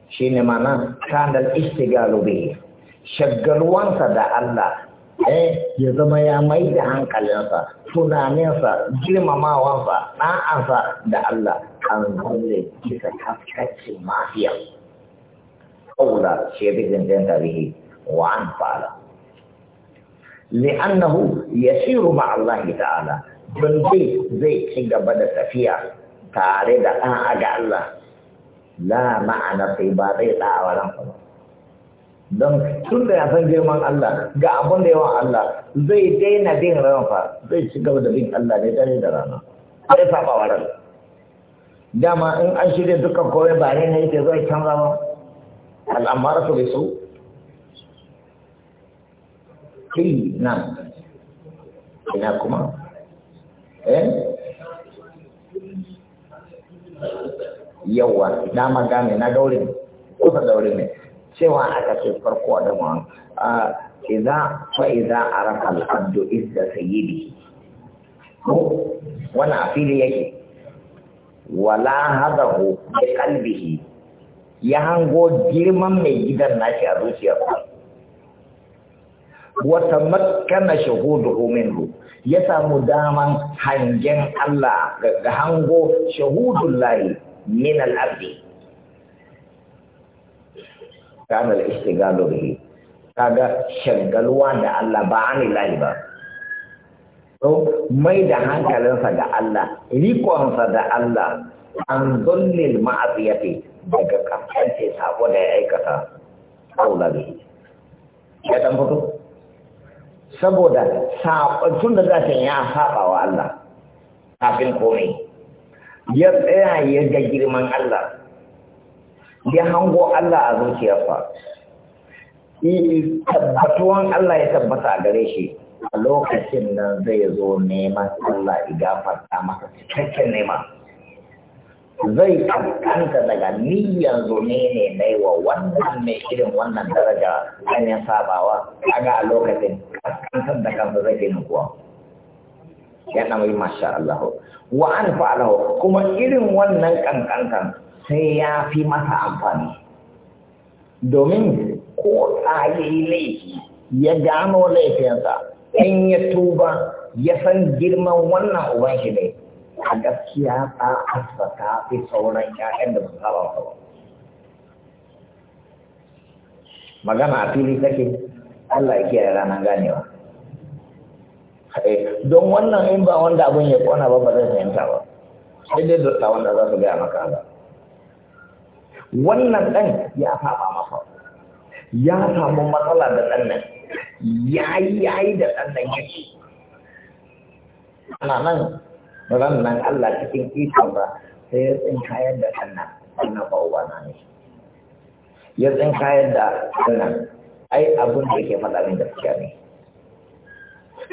shine mana kanal istigalu bihi shaggaluwansa da Allah eh ya zama ya mai da hankalinsa tunaninsa girmamawansa ɗa'ansa da Allah an zaune kisa haskacin mafiya ƙaula shi ya tarihi wa an fara li'annahu ya shiru ma'allahi ta'ala don zai ci gaba da tafiya tare da ɗan'a ga Allah la ma'ana sai ba zai ɗa'a wa ba don tun da ya san girman Allah ga abin da yawan Allah zai daina bin rana fa zai ci gaba da bin Allah ne dare da rana sai saba wa ran dama in an shirya dukkan kowai ba ne ne yake zai canza ba al'amara su bai so kai na ina kuma eh yawa dama game na daure kusa daure ne cewa aka ce farko da ma idza fa idza arafa al-abdu izza sayyidihi ko wala fili yake wala ko ya qalbihi ya hango girman mai gidan nashi a zuciyarsa wa tamakkana homin ru ya samu daman hangen Allah ga hango shahudullahi min al kana da ishtigalu Ka kaga shagaluwa da Allah ba an ilahi ba to mai da hankalinsa ga Allah rikonsa da Allah an zullil ma'asiyati daga kafance sabo da ya aikata aula bihi ya dan fito saboda tun da yi a saba wa Allah kafin komai ya tsaya ya ga girman Allah ya hango Allah a zuciyarsa tabbatuwan Allah ya tabbata gare shi a lokacin nan zai zo neman Allah igafarta masa cikakken nema zai kankanta daga niyyar zone ne na yi wannan mai irin wannan daraja hanyar sabawa ga a lokacin kankantar da kansa zai gina kuwa ya mai masha Allah wa an fa'alahu kuma irin wannan kankantar sai ya fi masa amfani domin ko tsaye laifi ya gano laifinsa in ya tuba ya san girman wannan uban shi ne a gaskiya ta asa ta fi sauran ƴaƴan da ba saba ba magana a fili take Allah ya kiyaye ranar ganewa eh, don wannan in ba wanda abin ya kona ba ba zai fahimta ba sai dai da wanda za su gaya maka ba wannan ɗan ya saba masa ya samu matsala da ɗan nan ya yi ya yi da ɗan nan ya ce ana nan ran nan Allah cikin ikon ba sai ya tsinkayar da ɗan nan wannan ba na ne ya tsinkayar da ɗan nan ai abin da yake faɗa min gaskiya ne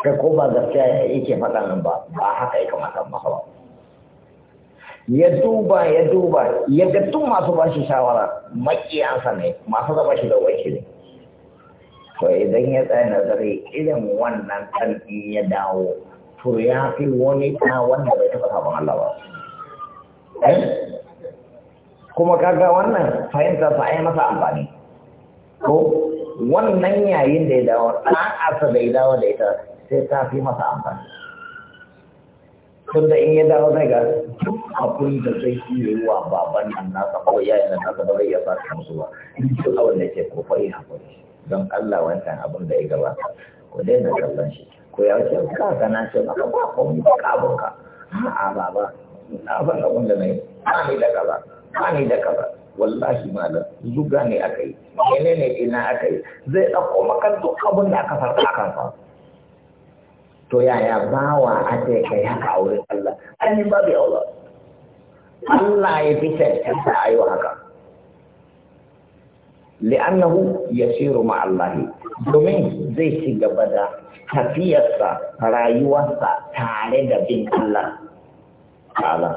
kai ko ba gaskiya yake faɗa ba ba haka ya kamata masa ba ya duba ya duba ya ga tun masu ba shi shawara makiyansa ne masu zaba shi da shi ne to idan ya tsaya nazari irin wannan ɗan ya dawo to ya fi wani ta wanda bai taba sabon Allah ba eh? kuma kaga wannan fahimta sa ai masa amfani ko wannan yayin da ya dawo ɗan asa da ya dawo da ita sai ta fi masa amfani tunda in ya dawo zai ga abin da zai iya yi wa baban nan nasa ko ya nan nasa ba zai iya fasa musu ba in ji awon da ke ko fa'i hakuri don Allah wancan abin da ya gaba ko dai na kallon shi ko ya wuce ka na ce maka ba ko mu ka abun ka ba baba na ba abin da yi ba ni da kaza ba ni da kaza wallahi malam zuga ne aka yi menene ina aka yi zai ɗauko maka duk abin da aka farka kan fa. to yaya bawa ake kai haka a wurin Allah ainihin babu yaula Allah ya fi cancanta a yi haka li'annahu shiru ma'allahi domin zai ci gaba da tafiyarsa rayuwarsa tare da bin Allah ta'ala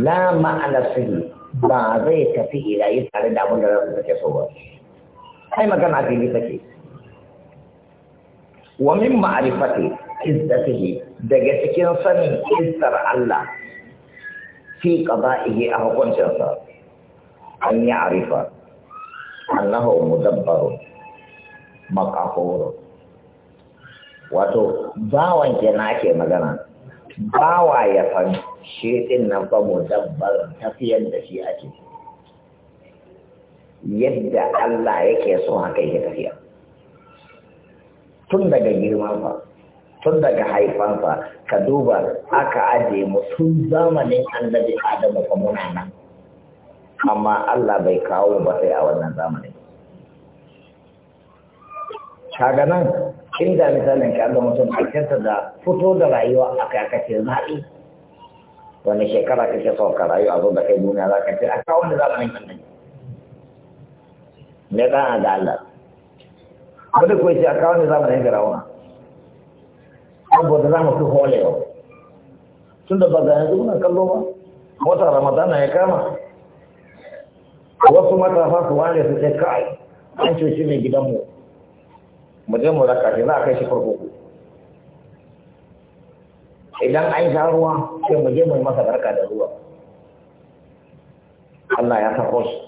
la ma'ana sirri ba zai tafi ilayi tare da abin da za su take so ba ai magana fili take wa min ma'rifati izzatihi daga cikin sanin izzar Allah fi qada'ihi a hukuncinsa an yi arifa annahu mudabbaru makahuru wato bawan ke na ke magana bawa ya san shi din nan fa mudabbar tafiyar da shi ake yadda Allah yake so haka yake tafiya tun daga girmansa tun daga haifansa ka duba aka ajiye mu tun zamanin annabi adamu fa muna nan amma Allah bai kawo ba sai a wannan zamanin kaga nan inda misalin ka ga mutum aikinsa da fito da rayuwa aka aka ce zaɓi wani shekara ka so ka rayu a zo da kai duniya za ka ce a kawo da zamanin annabi ne ɗan ga Allah da kuwa ce a kawo ne za mu ne garawa saboda za mu fi holewa tun da ba ga yanzu muna kallo ba wata ramadana ya kama wasu matafa su wane su ce kai an coci mai gidanmu mu je mu raka shi za a kai shi farko idan an sha ruwa sai mu je mu masa barka da ruwa Allah ya sako shi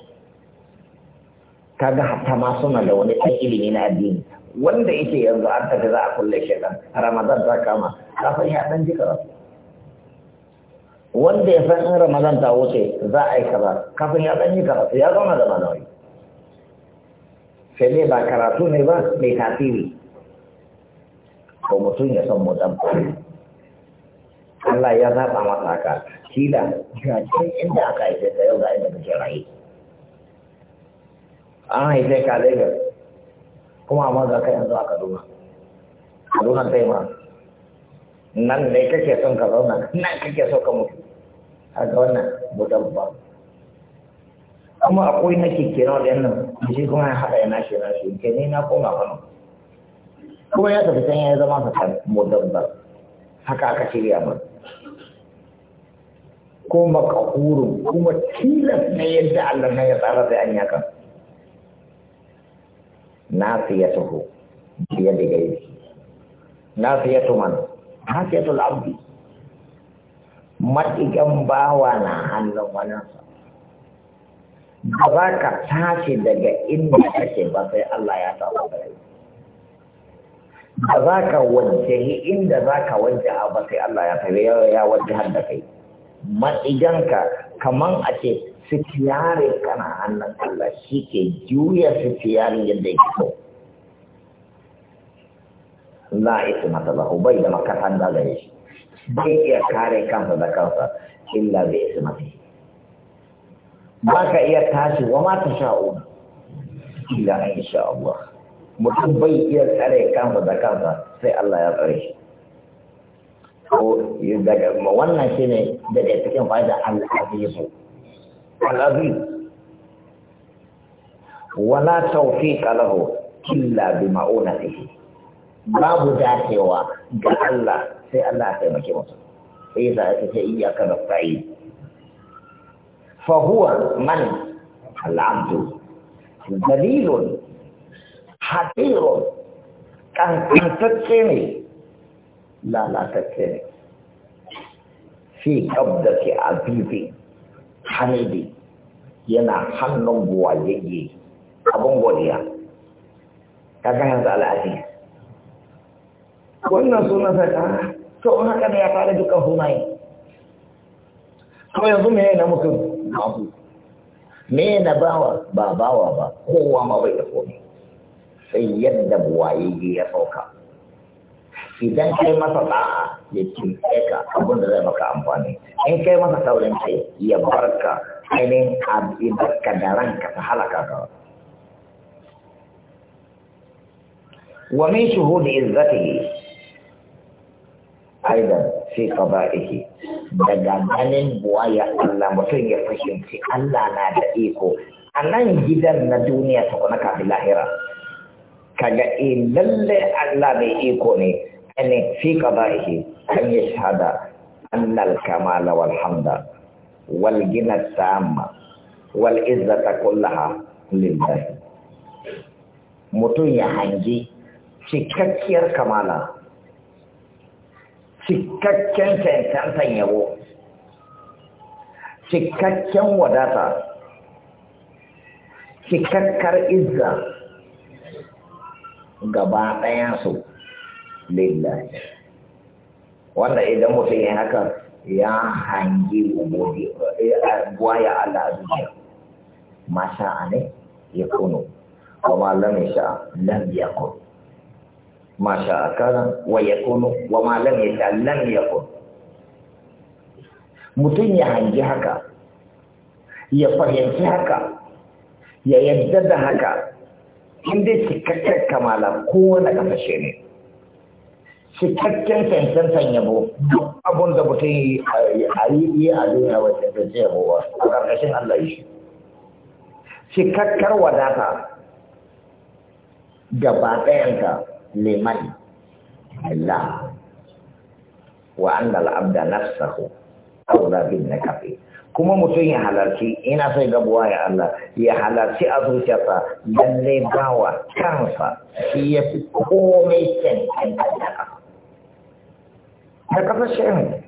kaga hatta ma suna da wani ɗan ilimi na addini wanda yake yanzu an tafi za a kulle shi ramadan ta kama kafin ya ɗan ji kaza wanda ya san in ramadan ta wuce za a yi kaza kafin ya ɗan ji kaza ya zama da manawai sai dai ba karatu ne ba mai tasiri ko mutum ya san mutan Allah ya zaɓa masa haka kila ga inda aka aike ta yau ga inda kake rayu an haife ka Lagos kuma amma za ka yanzu a Kaduna Kaduna zai ma nan ne kake son ka zauna nan kake so ka mutu a ga wannan budan ba amma akwai na kikira waɗannan shi kuma ya haɗa yana shi shi ke ne na koma kano kuma ya tafi can ya zama haka budan ba haka aka shirya ba ko makahurun kuma tilas na yadda Allah na ya tsara sai an yakan ناصيته بيد غيره ناصية من ناصية العبد matikan bawa na hannun waninsa ba za ka tashi daga inda kake ba sai Allah ya taɓa da rai ba za ka wajahi inda za ka wajaha ba sai Allah ya taɓa ya wajaha da kai matiganka kaman a ce sitiyarin kana hannun Allah shi ke juya sitiyarin yadda yake so la isi mata lahu bai da makatan da gare shi bai iya kare kansa da kansa illa bai isi mata ba ka iya tashi wa mata sha'u illa in yi Allah mutum bai iya tsare kansa da kansa sai Allah ya tsare shi ko daga wannan ne daga cikin fa'ida al-azizu على ولا توفيق له إلا بمؤونته باب داتوا جعل في الله في مكبوته إذا أتي إياك نستعين فهو من العبد دليل حقير كان كان لا لا تكيني في قبضة أبيبي hamidi yana hannun buwayayye abin godiya ka kan yanzu al'adi wannan sunan saka to in haka da ya fara duka sunaye to yanzu mai na mutum babu mai na bawa ba bawa ba kowa ma bai da komai sai yadda buwayayye ya sauka idan kai masa da'a ya cuce ka abin da zai maka amfani in kai masa saurin kai ya barka ainihin abin ka da ranka ta halaka ka wa min shuhudi izzatihi aidan fi qada'ihi daga ganin buwaya Allah mutum ya fahimci Allah na da iko a nan gidan na duniya ta kuna kafin lahira kaga eh lalle Allah mai iko ne يعني في قضائه أن يشهد أن الكمال والحمد والغنى التام والعزة كلها mutum ya hangi cikakkiyar kamala cikakken cancantan yabo cikakken wadata cikakkar izza gaba ɗayansu lillahi wanda idan mutum ya haka ya hangi ubodi eh, gwaya Allah a duniya masha ne ya kuno kuma lam yasha lam yakun masha kana wa yakunu wa ma lam yasha lam yakun mutum ya hangi haka ya fahimci haka ya yadda da haka inda cikakken kamala kowane kafashe ne cikakken san yabo duk Abun da mutum yi a yi iya a duniya wai cancantan yabo ba a ƙarƙashin Allah yi shi cikakkar wadata ba ɗayanka liman Allah wa annal abda nafsahu aula bin nakafi kuma mutum ya halarci ina sai gabuwa ya Allah ya halarci a zuciyarsa lalle bawa kansa shi ya fi komai cancanta da kasar shi'in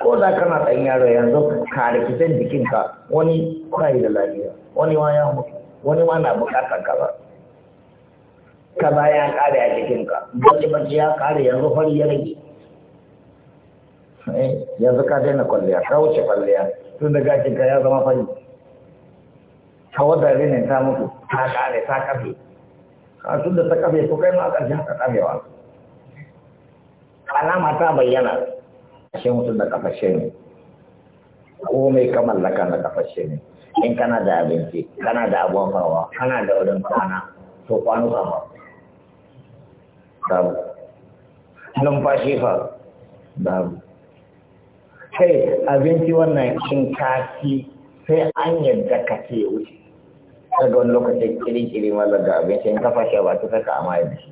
ko da kana ɗan yaro yanzu ka rikicin jikinka wani kwayi da lafiya wani ma ya mutu wani ma na bukatar kaza ba ya kare a jikinka bacci bacci ya kare yanzu fari ya rage eh, yanzu ka daina kwalliya ka wuce kwalliya tun da ka ya zama fari ka wadda rinin ta mutu ta kare ta kafe a tun da ta kafe ko kai ma a ƙarshen ka ba. alama ta bayyana ashe mutum da kafashe ne ko mai ka mallaka na kafashe ne in kana da abinci kana da abuwan fawa kana da wurin kwana to kwano ka ba babu numfashi fa babu kai abinci wannan in kaci sai an yadda ka ce wuce daga wani lokacin kiri-kiri mallar da abinci in ka fashe ba ta saka amma yadda shi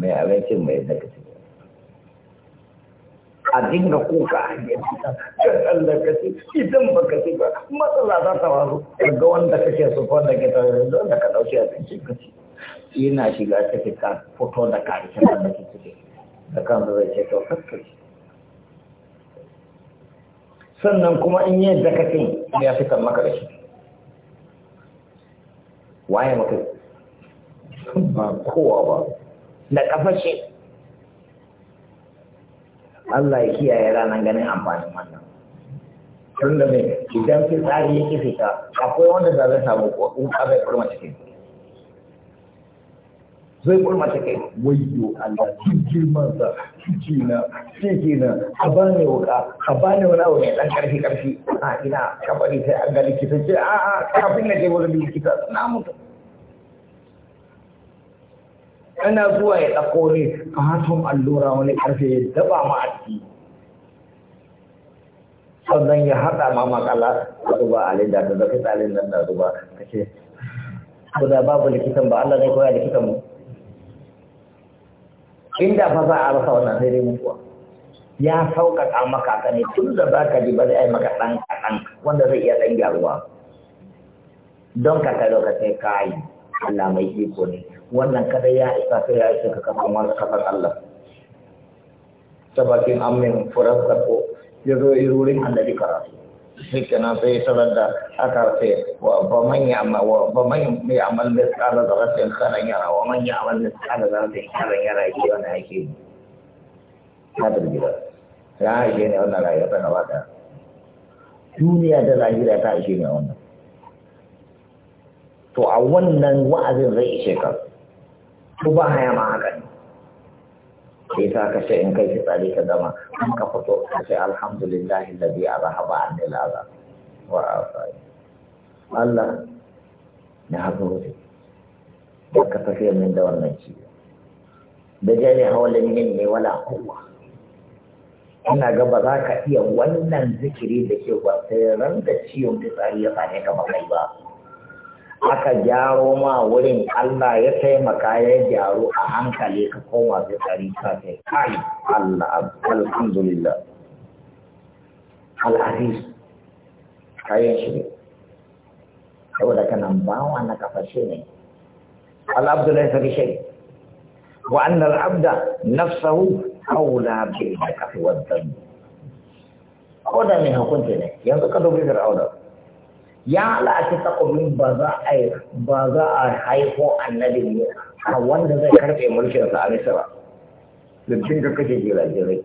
mai abincin mai yadda ka ce a dinga kuka a gefe kan da ka ce idan ba ka ce ba matsala za ta faru ga wanda ce su wanda ke tare da wanda ka dauke a cikin ka ce yana shiga cikin ka fito da karshen da ke ciki da kan zai ce to kakkaci sannan kuma in yi da ce ya fi kan maka da shi waye mutum ba kowa ba da kafashe Allah ya kiyaye ranar ganin amfanin wannan tun da mai idan tsari ya yake fita akwai wanda za zai samu ko in ka zai kurma cikin zai kurma cikin wayo Allah cin girmansa, cikina, cikina, a ba ne wuka a ne wani abu mai dan karfi karfi a ina kabari sai an ga likita ce a a kafin na je wani likita na mutu ana zuwa ya ɗauko ne fatan allura wani ƙarfe ya daba ma a ciki sannan ya haɗa ma makala a zuba a leda da zafi tsalin nan da zuba ka ce ko da babu likitan ba Allah zai koya likitan mu inda fa za a rasa wannan sai dai mutuwa ya sauƙaƙa maka ka ne tun da za ka ji ba zai maka ɗan kaɗan wanda zai iya ɗan gyaruwa don ka kai lokacin kayi Allah mai iko ne wannan kada ya isa sai ya isa ka kafa wani kafan Allah ta bakin min furar ko ya zo yi rurin annabi karatu shi kenan sai sanar da aka ce wa ba manya amma wa ba manya mai amal da tsara da rasin karan yara wa manya ya amal da tsara da rasin kanan yara yake wani yake ta birgida ya ishe ne wannan rayuwa ta gaba ɗaya duniya da lahira ta ishe ne wannan to a wannan wa'azin zai ishe ka ko ba haya ma haka ne sai ta ka ce in kai fitsari ka gama an ka fito ka ce alhamdulillah alladhi arhaba anni laza wa asai Allah ya na hakuri da ka tafi min da wannan ciwo da ne hawalin yin ne wala kowa ina ga ba za ka iya wannan zikiri da ke ba sai ran da ciwon fitsari ya same ka ba kai ba aka gyaro ma wurin Allah ya taimaka ya gyaro a hankali ka koma ga tsari ka kai kai Allah alhamdulillah al'aziz kayan shi ne saboda kana bawa na shi ne al'abdullahi sarki shai wa annal abda nafsahu aula bil kafi wadda ko da mai hukunci ne yanzu ka dubi fir'auna ya la'aci takobin ba za a yi ba za a haifo annabi ne a wanda zai karfe mulkin sa a misira dukkan ka jira jirai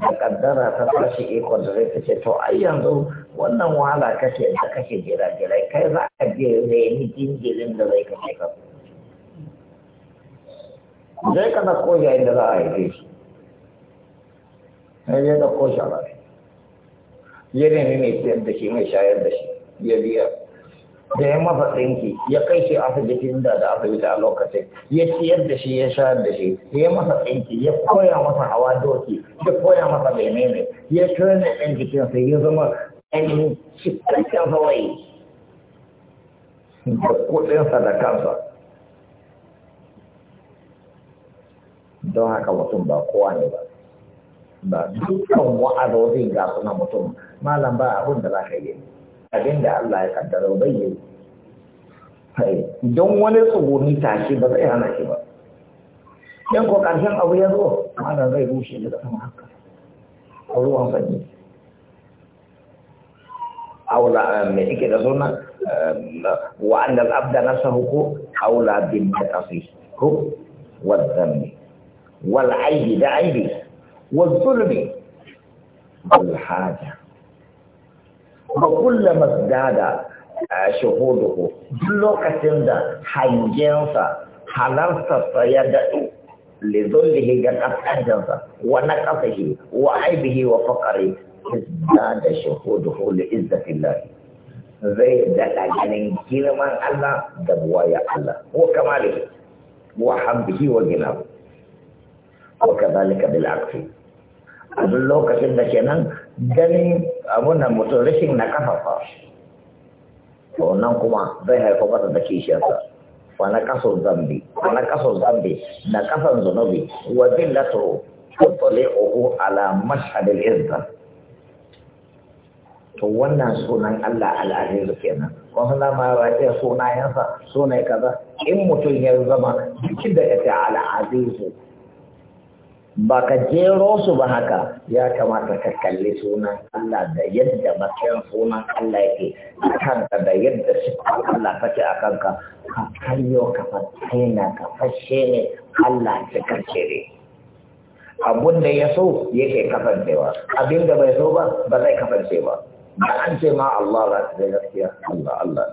da kaddara ta tashi ikon da zai kace to ai yanzu wannan wahala kace da jira jirai kai za ka je ni jinjirin da zai kashe ka zai kana ko yayin da za a haife shi sai ya da shi a ya ne mai siyar da shi mai shayar da shi ya biya da ya masa tsinki ya kai shi asibitin da da aka yi a lokacin ya ciyar da shi ya shayar da shi ya masa tsinki ya koya masa hawa doki ya koya masa menene ya tona ɗan jikinsa ya zama ainihin cikakken saurayi da kuɗinsa da kansa don haka mutum ba kowa ne ba ba dukkan wa'azozin gasu na mutum malam ba abin da za ka yi abin da Allah ya kaddara bai yi don wani tsuguni tashi ba zai hana shi ba yan ko karshen abu ya zo mana zai rushe daga sama haka a ruwan sanyi aula eh, mai ike da suna eh, wa an abda na ko aula bin da kasi ko wadzanni wal aibi da aibi wal zulmi wal haja ba kulla masdada shahuduhu duk lokacin da hangensa halartarsa ya daɗu lizullihi ga ƙasƙancinsa wa na ƙasa shi, wa aibihi wa faƙari da izdada shahuduhu li izzatillahi zai daɗa ganin girman Allah da buwaya Allah ko kamalihi wa hamdihi wa ginahu wa kazalika bil aksi a duk lokacin da kenan ganin abun nan mutum rashin na kafa fa to oh, nan kuma zai haifa masa da kishiyarsa wa na kaso zambi wa na kaso zambi na kasan zunubi wa zillatu tuttali'uhu ala mashhadil izzah to wannan sunan Allah al'azizu kenan wasu lama ya ce sunayensa sunai kaza in mutum ya zama duk da ya ce al'azizu ba ka jero su ba haka ya kamata ka kalli sunan Allah da yadda matsayin sunan Allah yake a kanka da yadda shi Allah take a kanka ka karyo ka fatsaina ka fashe ne Allah ta karce ne abun da ya so yake kafancewa abin da bai so ba ba zai kafance ba ba an ce ma Allah ba zai gaskiya Allah Allah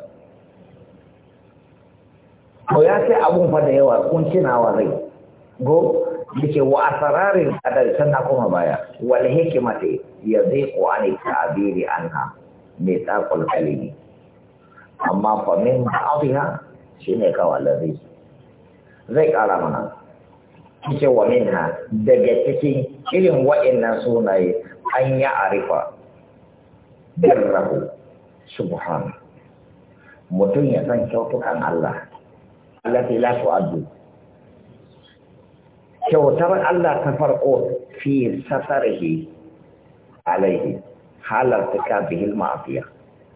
ko ya sai abun fa da yawa kun tunawa zai go yake wa asararin adal sannan kuma baya wal hikmati yaziqu an ta'biri anha mai taqul kalimi amma fa min ba'dha shine walazi zai kara mana yake wa minha daga cikin irin wa'annan sunaye an ya arifa birrahu subhanahu mutum ya san kyautukan Allah Allah la tu'addu kyautar Allah ta farko fi safarhi alaihi halar ka bihil mafiya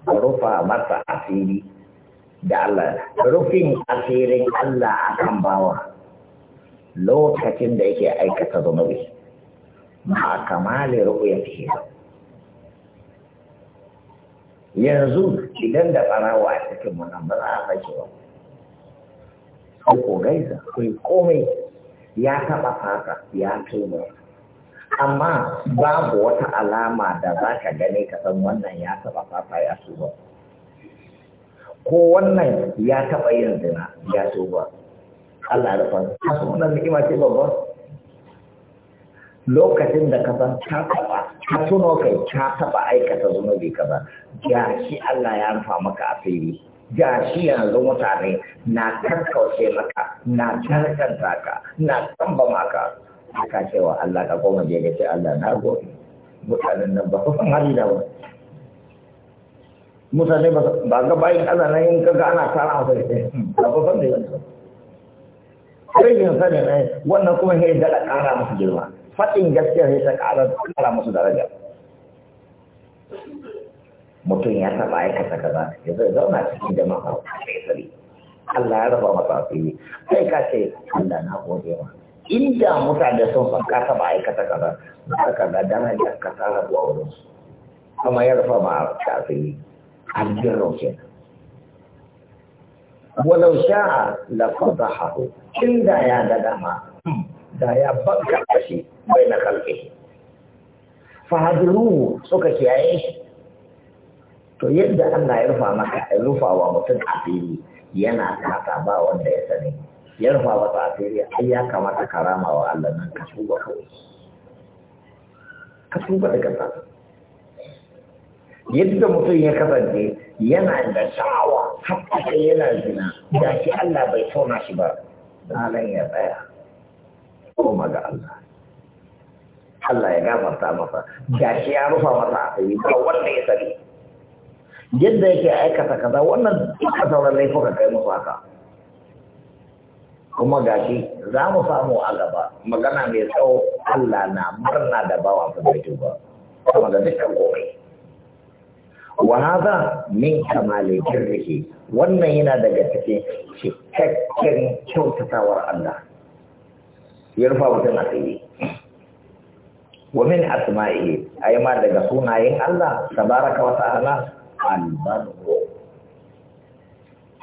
rufa masa asiri da Allah rufin asirin Allah akan bawa lokacin da yake aikata zunubi ma kamali ru'yatihi yanzu idan da barawa a cikin mu ba a fashe ba ko gaisa ko komai ya taɓa haka ya tuna amma babu wata alama da za ka gane ka san wannan ya taɓa fasa ya tuna ko wannan ya taɓa yin zina ya tuna Allah ya rufa kasu wannan ni'ima ce babba lokacin da ka san ta taba ka tuno kai ka taɓa aikata zunubi kaza ya shi Allah ya rufa maka asiri ga shi yanzu mutane na kakkaushe maka na tarkanta ka na kamba maka aka cewa Allah ka koma je ga ce Allah na gobe. mutanen nan ba kusan hali da ba mutane ba ga bayin Allah nan in kaga ana tara masa ba kusan da yanzu rashin sani ne wannan kuma sai da ƙara musu girma faɗin gaskiya sai ta ƙara musu daraja mutum ya taba aikata kaza ya zai zauna cikin jama'a kai Allah ya raba masa asiri sai ka ce Allah na gode ma inda mutane sun san ka taɓa aikata kaza za ka ga dana da ka tsara zuwa wurin su kuma ya rufa ma asiri aljirro ke walau sha'a la qadahahu inda ya ga dama hmm, da ya bakka shi bai na kalfi fa hadiru suka kiyaye shi to yadda Allah ya rufa maka rufa wa mutum asiri yana kasa ba wanda ya sani ya rufa wa asiri ai ya kamata karama wa Allah nan ka tuba kawai ka tuba daga ta yadda mutum ya kasance yana da sha'awa hatta sai yana zina da shi Allah bai tona shi ba dalan ya tsaya koma ga Allah Allah ya gafarta masa Ga shi ya rufa masa asiri ba wanda ya sani yadda yake aikata kaza wannan duka sauran laifuka kai musu haka kuma gashi za mu samu a gaba magana mai tsawo Allah na murna da bawa fa bai ba kuma da dukkan komai wa min kamali birrihi wannan yana daga cikin cikakken kyautatawar Allah ya rufa mutum tsaye wa min yi ayyama daga sunayen Allah tabaraka wa ta'ala albarro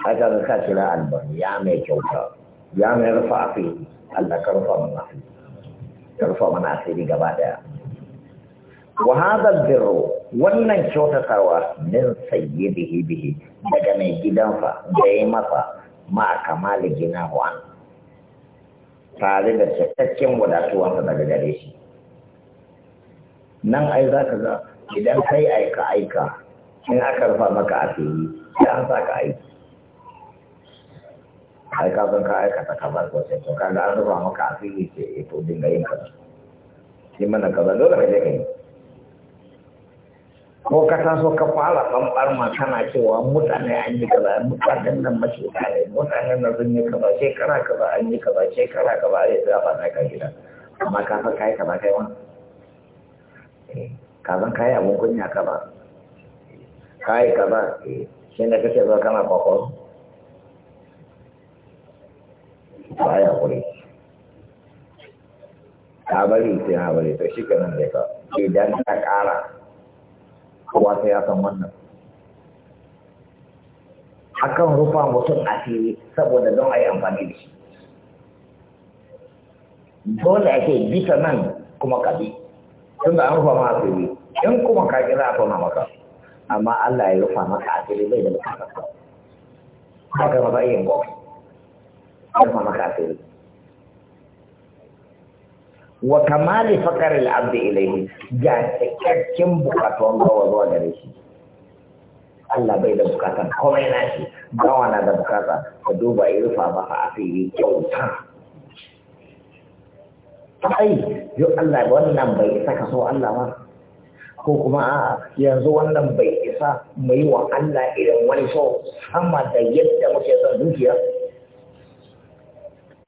aka ga ka kira albarro ya mai kyauta ya mai rufa a fi Allah ka rufa mana fi ka rufa mana asiri gaba daya wa biro wannan wannan karwa min sayyidihi bihi bihi daga mai gidanfa da ya masa ma a kamali gina an tare da cikakken wadatuwansa daga gare shi nan ai za ka ga idan kai aika aika in aka rufa maka fili sai an sa ka aiki ai ka san ka aikata kamar ko sai to kaga an rufa maka asiri ce eh to dinga yin kaza shi mana kaza dole ka je ka yi ko ka taso ka fara bambar ma kana cewa mutane an yi kaza mutanen nan mace kare mutanen nan sun yi kaza shekara kaza an yi kaza shekara kaza ai sai zafa na ka gida amma ka san kai kaza kai wani eh, ka san kai abun kunya kaza kai kaza shi da kake zo kana kwakwaro ba ya kuri ta bari sai na bari ta shi kenan da ka idan ta kara kuwa sai ya san wannan akan rufa mutum fili saboda don a yi amfani da shi dole ake bisa nan kuma kabi tun da an rufa ma a fili, in kuma ka kira a tona maka amma Allah ya rufa maka asiri bai da maka ka haka ba bai yin gobe rufa maka asiri wa kamali fakar al'abdi ilaihi ga cikakken bukatuwan gawa zuwa gare shi Allah bai da bukatan komai na shi gawa na da bukata ka duba ya rufa maka asiri kyauta ai yau Allah wannan bai saka so Allah ma. ko kuma yanzu wannan bai isa mu yi wa Allah irin wani so sama da yadda muke son dukiya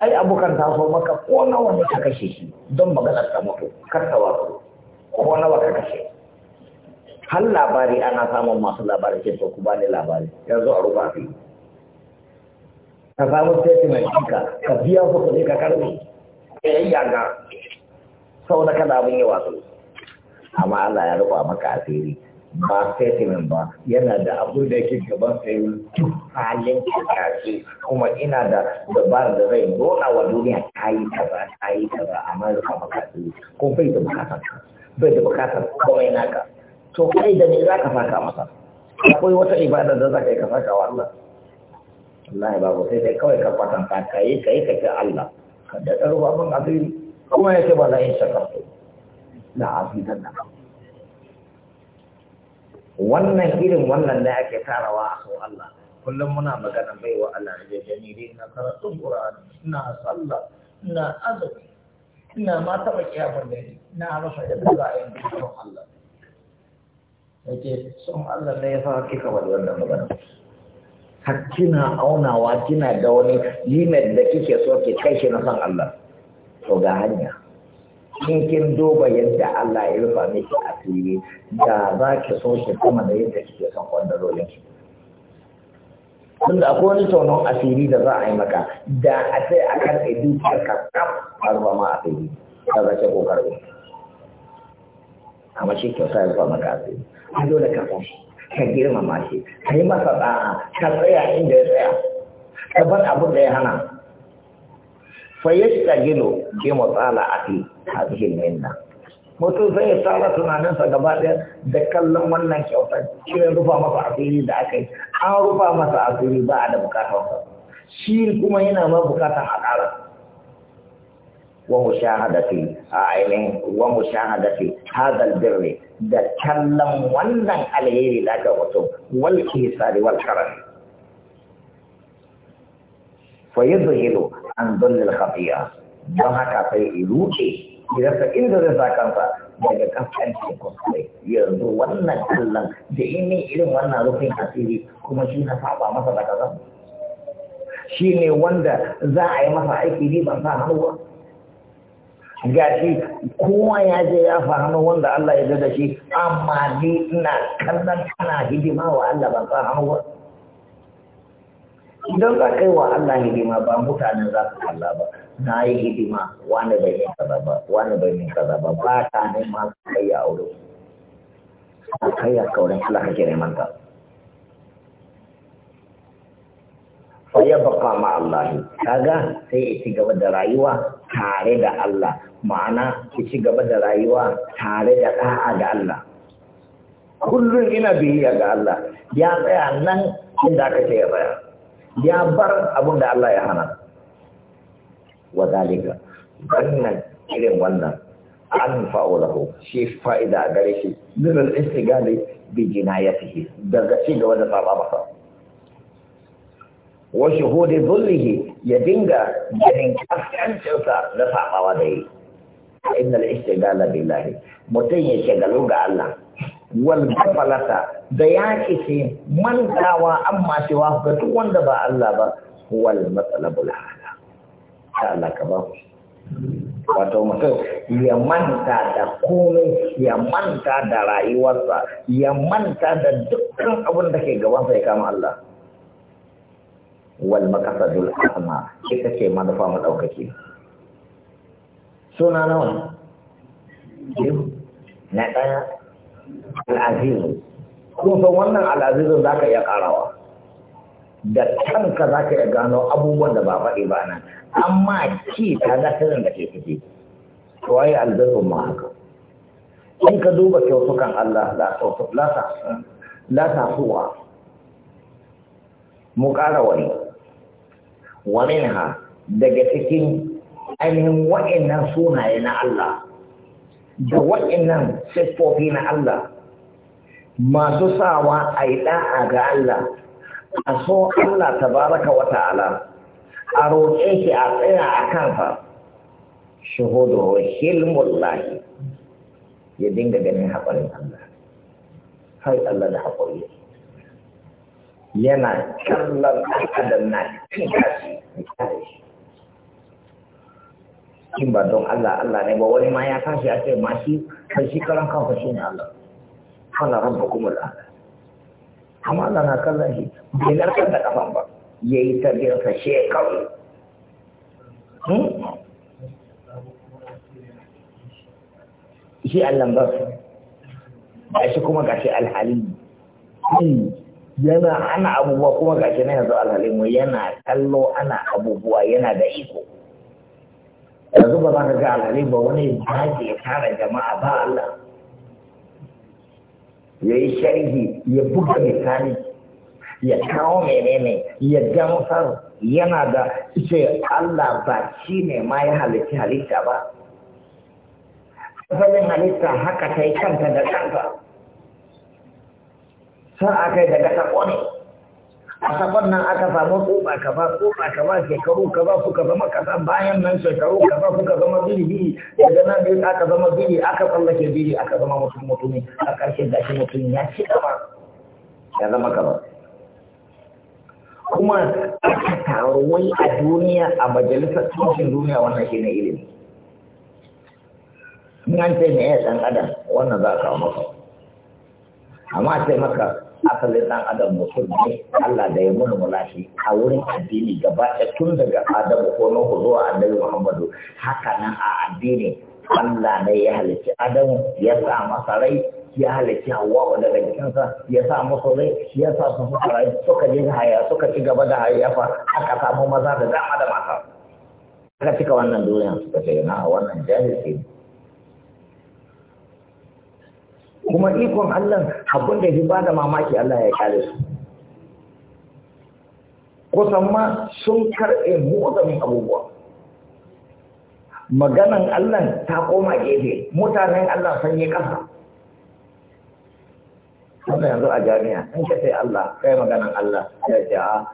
ai abokan ta so maka ko nawa ne ka kashe shi don maganar ta mutu kar ka wasu ko nawa ka kashe har labari ana samun masu labari ke so ku ba ni labari yanzu a rufa fi ka samu mai ɗinka ka biya su kuɗi ka karɓe ya yi yaga sau da kada mun yi wasu amma Allah ya rufa maka asiri ba statement ba yana da abu da yake gaban sai halin kakashi kuma ina da dabarar da zai nuna wa duniya ta yi kaza ta yi kaza amma rufa maka asiri ko bai da bukatar bai da bukatar komai naka to kai da ne za ka saka masa akwai wata ibada da za yi ka saka wa Allah Allah ya babu sai dai kawai ka kwatanta ka yi ka yi ka ce Allah ka da ɗaruwa asiri kuma ya ce ba la in da afidan da wannan irin wannan da ake tarawa a sau Allah kullum muna magana bai wa Allah da jami dai na karatun Qur'ani ina sallah ina azumi ina ma taba kiyamar da ina rasa da bayan son Allah yake son Allah ne ya fara kika wani wannan magana har kina aunawa kina da wani limit da kike so ki kai shi na san Allah to ga hanya in kin duba yadda Allah ya rufa miki a fili da za ki so shi kuma da yadda kike son kwandalolin ki da akwai wani a asiri da za a yi maka da a sai a kan ɗai dukiyar ka kam a ma a fili da za ki kokar amma shi kyauta ya rufa maka a fili a dole ka san ka girmama shi ka yi masa ɗa'a ka tsaya inda ya tsaya ka bar abin da ya hana fi a cikin minna mutum zai tsara tunaninsa gaba ɗaya da kallon wannan kyautar ne rufa masa asiri da aka yi an rufa masa asiri ba a da bukatar shi kuma yana ma bukatar a ƙara wa fi a ainihin wa fi hadal birri da kallon wannan alheri da aka mutum wal sari wal karar fa an zullil khati'a don haka sai i ruɗe idan inda zai sa kansa daga kasance kuskure yanzu wannan kallon da ini irin wannan rufin asiri kuma shi na saba masa da kaza shi ne wanda za a yi masa aiki ne ban sa hannu ba ga shi ya je ya fahimu wanda Allah ya zada shi amma ni ina kallon kana hidima wa Allah ban sa hannu idan za ka yi wa Allah hidima ba mutanen za su kalla ba na yi hidima wani bai yin kaza ba wani bai yin kaza ba ba ta su kai ya aure a kai ya kaurin Allah kake neman ta fa ya baka ma Allah kaga sai ya ci gaba da rayuwa tare da Allah ma'ana ki ci gaba da rayuwa tare da da'a da Allah kullum ina biyayya ga Allah ya tsaya nan inda aka ce ya tsaya ya bar abin da Allah ya hana wa dalika wannan irin wannan an fa'ulahu shi fa'ida a gare shi zirin istigali bi jinayatihi daga ci gaba da saba masa wa shuhudi dhullihi ya dinga ganin kaskancinsa na sabawa da yi innal istigala billahi mutum ya shagalu ga Allah wal da ya ke mantawa amma cewa ga duk wanda ba Allah ba wal matsalabul ta Allah ka ba wato mutum ya manta da komai ya manta da rayuwarsa ya manta da dukkan abin da ke gabansa ya kama Allah wal makasadul asma ita ce manufa mu daukake suna nawa na ɗaya al'azizu kun san wannan al'azizun za ka iya karawa da kanka za ka iya gano abubuwan da ba faɗi ba nan amma ki ta ga sirrin da ke ciki to waye albirin ma haka in ka duba kyautukan Allah la suwa, mu ƙara wani wani minha daga cikin ainihin wa'annan sunaye na Allah da wa'annan siffofi na Allah masu sawa a yi ɗa'a ga Allah a so Allah ta baraka wata ala, a roƙe shi a tsaya a kansa shuhudu hilmullahi ya dinga ganin haƙarin Allah sai Allah da haƙori yana kallon ɗan adam na cin kashi da kare in ba don Allah Allah ne ba wani ma ya tashi a ce ma shi kai shi karan kan shi ne Allah Allah rabba kuma da amma Allah na kallon shi bai narkar da kafan ba ya yi ta sa shekaru hmm? shi Allah ba ba shi kuma gashi alhalin hmm. yana ana abubuwa kuma gashi na yanzu alhalin yana kallo ana abubuwa yana da iko yanzu ba za ka ga alhali ba wani daji ya tara jama'a ba Allah ya yi sharhi ya buga misali ya kawo menene ya gamsar yana da ce Allah ba shi ne ma ya halitta halitta ba asalin halitta haka ta yi kanta da kanta sa kai daga ta ƙone asabar nan aka samu tsoba kaza tsoba ba shekaru ba kuka zama kaza bayan nan shekaru ba kuka zama biri biri daga nan ne aka zama biri aka tsallake biri aka zama mutum mutumi a ƙarshe shi mutum ya ci gaba ya zama gaba kuma aka taru wai a duniya a majalisar tushen duniya wannan shi na ilimi in an ce me ya ɗan adam wannan za a kawo maka amma a ce maka asalin ɗan adam mutum ne Allah da ya mulmula mulashi a wurin addini gaba ɗaya tun daga Adamu ko Nuhu zuwa Annabi Muhammadu haka nan a addini Allah ne ya halicci Adamu ya sa masa rai ya halicci Hawwa daga jikinsa ya sa masa rai ya sa su suka rai suka ji haya suka ci gaba da hayayyafa aka samu maza da dama da mata aka cika wannan duniya suka ce na wannan jahilci ne kuma ikon Allah abin da ba da mamaki Allah ya kare su kusan ma sun karɓe mun abubuwa maganan Allah ta koma gefe mutanen Allah sun yi ƙasa wannan yanzu a jami'a in ka sai Allah kai maganan Allah ya ce a ah,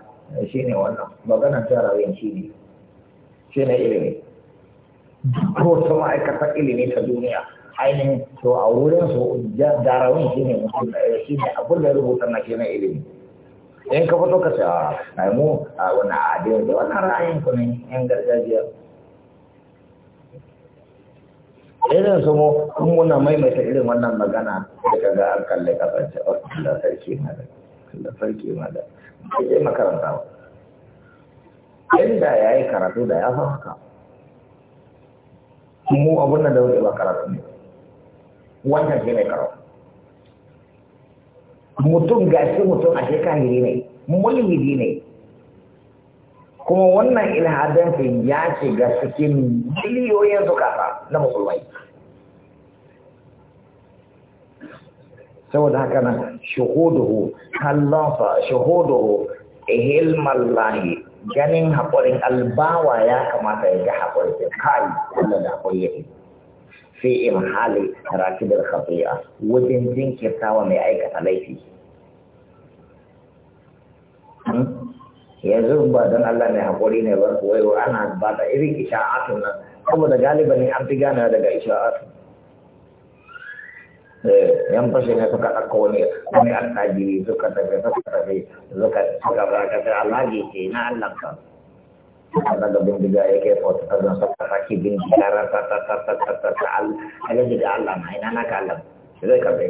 shi ne wannan maganan tarawin shi ne shi ne ilimi ko ta ma'aikatar ilimi ta duniya ainihin to a wurin su darawin shi ne eh, shi ne abin da rubuta na ke na ilimi in ka fito ka ce ah, a naimu a wani adiyar da wani ra'ayin ku ne yan gargajiya irin su mu in muna maimaita irin wannan magana da ka ga an kalle kasance oh, a kula sarki da kula sarki ma da bai je makaranta ba inda ya yi karatu da ya haka mu abin da wuce ba karatu ne wannan shi mai karo mutum shi mutum a shekahiri ne mulhidi ne kuma wannan ilhadansu ya ga cikin miliyoyin zukata na musulmai saboda haka nan shahuduhu kallonsa shahuduhu hilmallahi ganin haƙurin albawa ya kamata ya ga haƙurin kai kullum da haƙuri yake Hali imhali da khati'a wajen jinkirtawa mai aikata laifi hmm? yanzu ba don Allah mai haƙuri ne ba wai ana ba da irin isha'atun nan saboda ne an fi gane daga isha'atun eh, yan fashe ne suka ɗauka wani wani alƙajiri suka tafi suka tafi suka suka ba ka alhaji ke na Allah ka daga bindiga ya kai fota ta zan saka ta ta ta ta ta ta ta alaji da Allah na ina na ka zai ka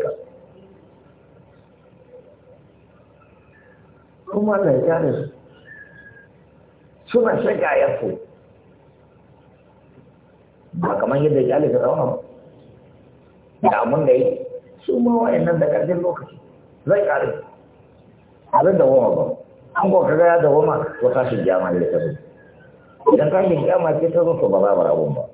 kuma Allah ya kare su suna shiga ya so ba kamar yadda ya kare fir'auna ba da abin da yi su ma da ƙarfin lokaci zai kare da ba kaga ya da idan tashin kiyama ce ta zo ba za mu rabu ba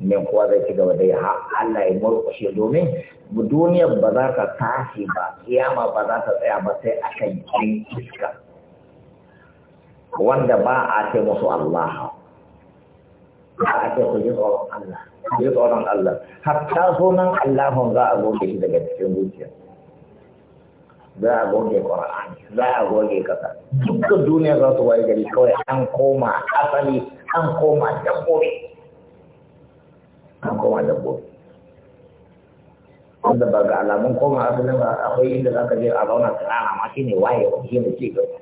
mai kowa zai ci gaba da ya Allah ya murƙushe domin duniyar ba za ta tashi ba kiyama ba za ta tsaya ba sai a kan jin iska wanda ba a ce musu Allah ba a ce ku ji tsoron Allah ji Allah hatta sunan Allahun za a zo shi daga cikin zuciya za a goge ƙwar'ani za a goge ƙasa duka duniya za su waye gari kawai an koma asali an koma dabbobi an koma dabbobi wanda ba ga alamun koma asalin ba akwai inda za ka je a zauna tsirara ma shi ne waye wa shi ne ci gaba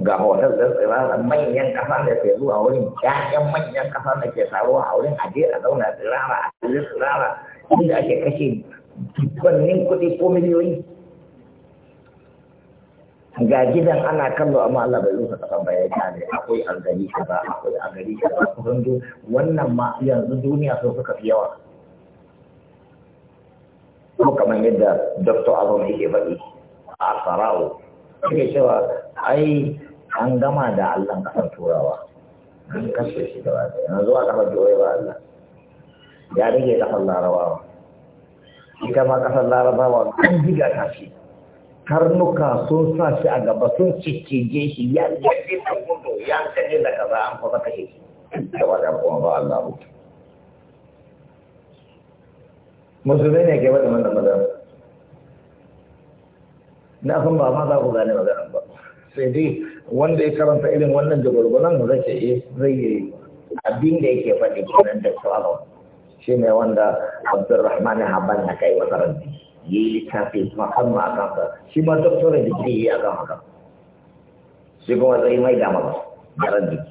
ga hotel da tsirara manyan kasa da ke zuwa wurin ƴaƴan manyan kasa da ke taruwa a wurin aje a zauna tsirara a tsirara inda ake kashe dubbannin kuɗi ko miliyoyi ga gidan ana kallo amma Allah bai rusa kasan ba ya kare akwai algari gari ba, akwai algari gari ba kusan duk wannan ma yanzu duniya sun suka fi yawa ko kamar yadda Dr. Azam yake bari a Sarau yake cewa ai an gama da Allah kasar turawa an kashe shi gaba da yanzu a kasar turawa ba Allah ya rage kafan larabawa ita ma kafan larabawa kan jiga ta shi karnuka sun sa shi a gaba sun cikige shi ya gaji da gudu ya gaji da kaza an kusa kashe shi da wata kuma ba Allah hutu musulmi ne ke wata wannan magana na san ba ma za ku gane magana ba sai dai wanda ya karanta irin wannan jagwalgwalan zai ce eh, zai yi abin da yake faɗi kenan da su shi ne wanda abdurrahman haban na kai wata ranti ya yi littafi musamman a kansa shi ma doktorin digiri ya yi a kan haka shi kuma zai mai dama ba jiki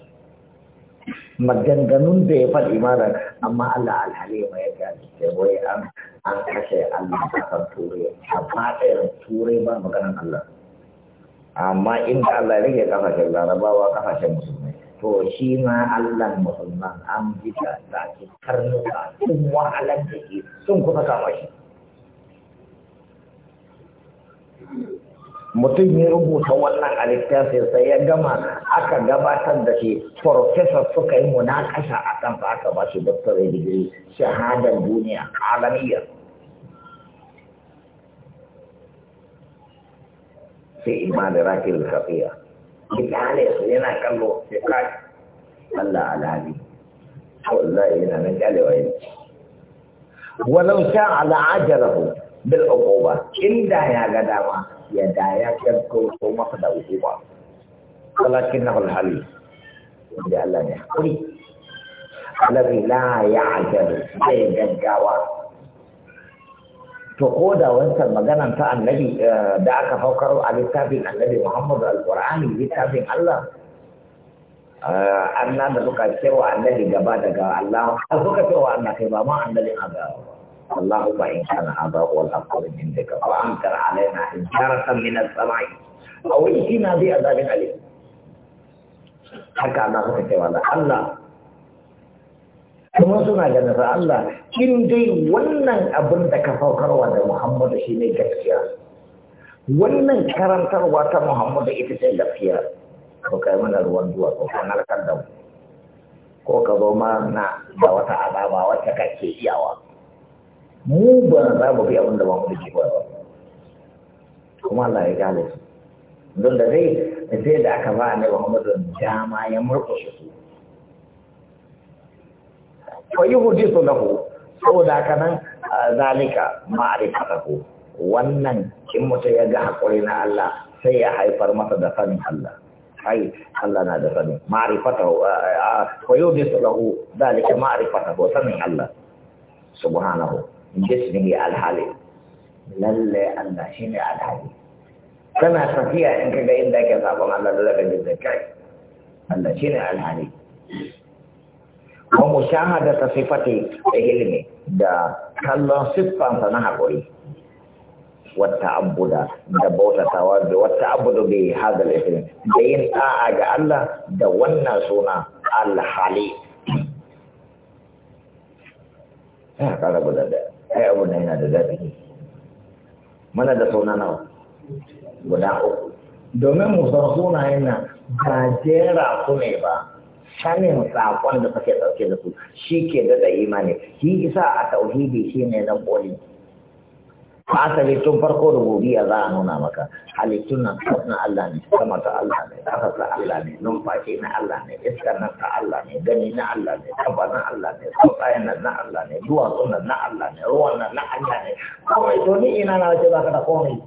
maganganun da ya faɗi mana amma Allah alhali ma ya gani sai wai an an kashe Allah a kan turai a fadar turai ba maganan Allah amma inda Allah ya rage kafashen larabawa kafashen musulmai to shi ma Allah musulman an jika ta ke karnuka sun wahalar da ke sun kusa kama shi mutum ya rubuta wannan a littafin sai ya gama aka gabatar da shi farfesa suka yi munakasha a kan aka ba shi doctorate digiri shahadar duniya alamiyya sai imanin rakil kafiya kitale su yana kallo sai kai Allah alhali wallahi yana nan kalewa yanzu walau sha ala ajalahu bil uquba In da ya ga dama ya da ya kyanko ko masa da uku ba walakin na hulhali da Allah ne hakuri alabi la ya ajaru zai gaggawa to ko da wancan maganan ta annabi eh, da aka faukar a littafin annabi muhammadu alkur'ani littafin Allah eh, anna da suka cewa annabi gaba daga Allah suka cewa annabi ba ma annabi a gaba اللهم إن كان هذا هو الحق من عندك فأمطر علينا حجارة من السماء أو ائتنا بعذاب أليم haka na suka ce wa Allah kuma suna ganin sa Allah in dai wannan abin da ka saukarwa da Muhammadu shi ne gaskiya wannan karantarwa ta Muhammadu ita ce gaskiya ko kai mana ruwan zuwa ko kan da ko ka zo ma na da wata azaba wacce kake iyawa mu ba za mu bi abin da ba mu ba kuma Allah ya gane su don da zai sai da aka ba ne Muhammadu dama ya murƙushe su fa yuhdisu lahu saboda haka nan zalika ku wannan in mutum ya ga hakuri na Allah sai ya haifar masa da sanin Allah ai Allah na da sanin ma'rifatahu fa yuhdisu lahu zalika ko sanin Allah subhanahu جسمه الحالي للي أن الحالي كما تستطيع إنك ان ذاك صعب لا لا الذكر أن شيء الحالي ومشاهدة صفة علمه دا كلا صفة قوي والتعبد دا دبوت تواب والتعبد بهذا الاسم بين اعج الله دا سونا الحالي kalau هذا بدا ai abu na yana da daɗi mana da sauna nawa guda uku domin mu san sunayen nan ba jera ku ne ba sanin saƙon da suke ɗauke da su shi ke daɗa imani shi isa a tauhidi shi ne na ƙoli asali tun farko da gobiya za a nuna maka halittun nan na Allah ne sama ta Allah ne ƙasa ta Allah ne numfashi na Allah ne iska nan ta Allah ne gani na Allah ne kafa na Allah ne tsuntsayen nan na Allah ne duwatsu nan na Allah ne ruwan nan na Allah ne kawai to ni ina na wace baka da komai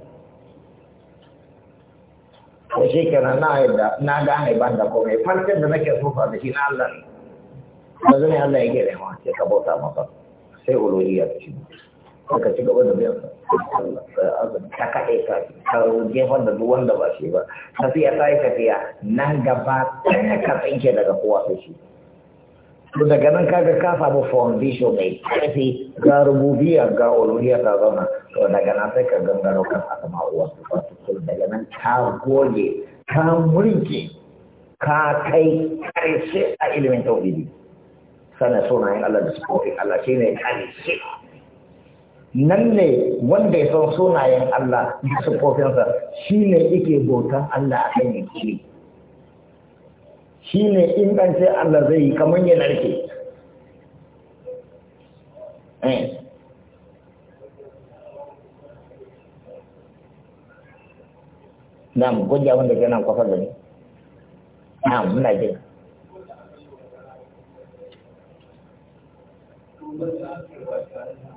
to shi kenan na yadda na gane ban da komai farkon da nake sofa da shi na Allah ne yanzu ne Allah ya gere ma sai ka bauta masa sai uluhiyya ta shi suka ci gaba da biyan ta kaɗe ka karo jefan da duk wanda ba shi ba tafiya ta tafiya nan gaba ɗaya ka tsinke daga kowa sai shi to daga nan kaga ka samu foundation mai ƙarfi ga rububiya ga uluhiya ta zama to daga nan sai ka gangaro kan asama uwa su daga nan ka goge ka murke ka kai karshe a ilimin tauhidi sana sunayen Allah da sukokin Allah shine karshe nan ne wanda ya san sunayen Allah da sufofinsa shi ne ike bautan Allah a kan yanki shi ne in ɗan Allah zai yi kamar ya narke eh. na mu gwaji abin ke nan kwafa gani na muna jin Thank you.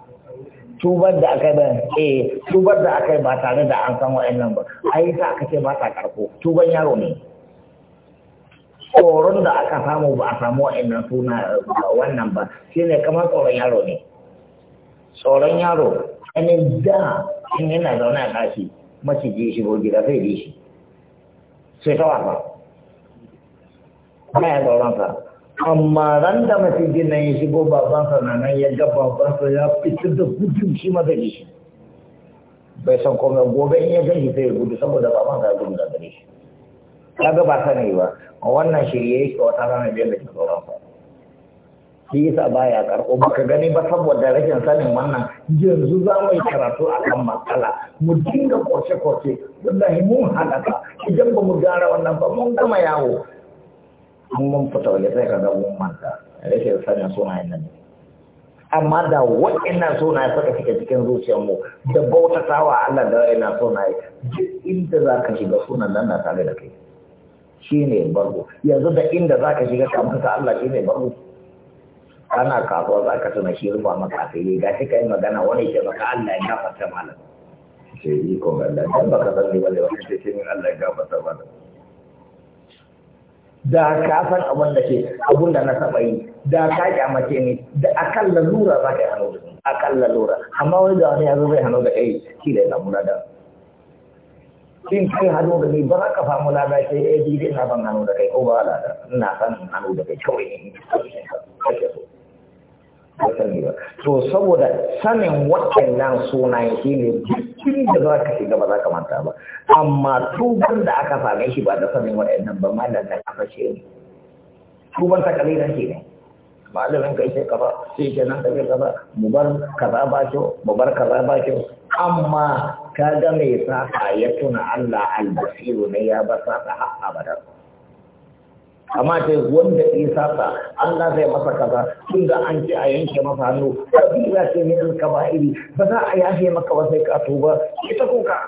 tubar da aka yi ba eh tubar da aka yi ba tare da an san wa'annan ba ai aka ce ba ta karko tuban yaro ne tsoron da aka samu ba a samu wa'annan suna wannan ba shine kamar tsoron yaro ne tsoron yaro ɗanin da in yana zaune a ɗaki maciji shi ko gida zai bi shi sai ta wasa ba ya tsoron sa amma ran da masjidin nan ya shigo babansa na nan ya ga babansa ya fitar da gudun shi maza shi bai san komai gobe in ya shi sai ya gudu saboda baban ya gudu da gare shi kaga ba sani ba wannan shirye yake wata rana biyar da ke sauransa shi yasa baya karɓo ka gani ba saboda rashin sanin wannan yanzu za mu yi karatu a kan matsala mu dinga kwace-kwace wallahi mun halaka idan ba mu gyara wannan ba mun gama yawo An mun fita waje sai ka ga mun manta rashin sanin sunayen nan amma da waɗannan sunaye suka fita cikin zuciyarmu da bautata wa Allah da waɗannan sunaye duk inda za ka shiga sunan nan na tare da kai shi ne bargo yanzu da inda za ka shiga kamar ta Allah shi ne bargo ana kasuwa za ka tuna shi rufa maka a tsaye ga shi ka yi magana wani ke maka Allah ya gafata malam sai yi Allah baka wani ce Allah ya malam da ka san abin da ke abin da na saba yi da ka kyamace ne da akan lalura za ka yi hannu da akan lalura amma wani da wani ya zo zai hannu da kai shi da ya samu lada in kai hannu da ni ba za ka samu lada ke ya ji zai na ban hannu da kai ko ba lada ina san hannu da kai kawai ne to saboda sanin waɗannan sunayen shi ne duk tun da za ka shiga ba za ka manta ba amma tuban da aka same shi ba da sanin waɗannan ba ma da kafa shi ne tuban ta kalilan shi ne malamin kai sai kafa sai ke nan kafa mu bar kaza ba mu bar kaza ba amma ka ga mai saka ya tuna Allah albasiru ne ya bar saka har abada amma dai wanda ya ta Allah zai masa kaza tun da an ce a yanke masa hannu kabila ce ne in ba za a yafe maka ba sai ka tuba ita kuka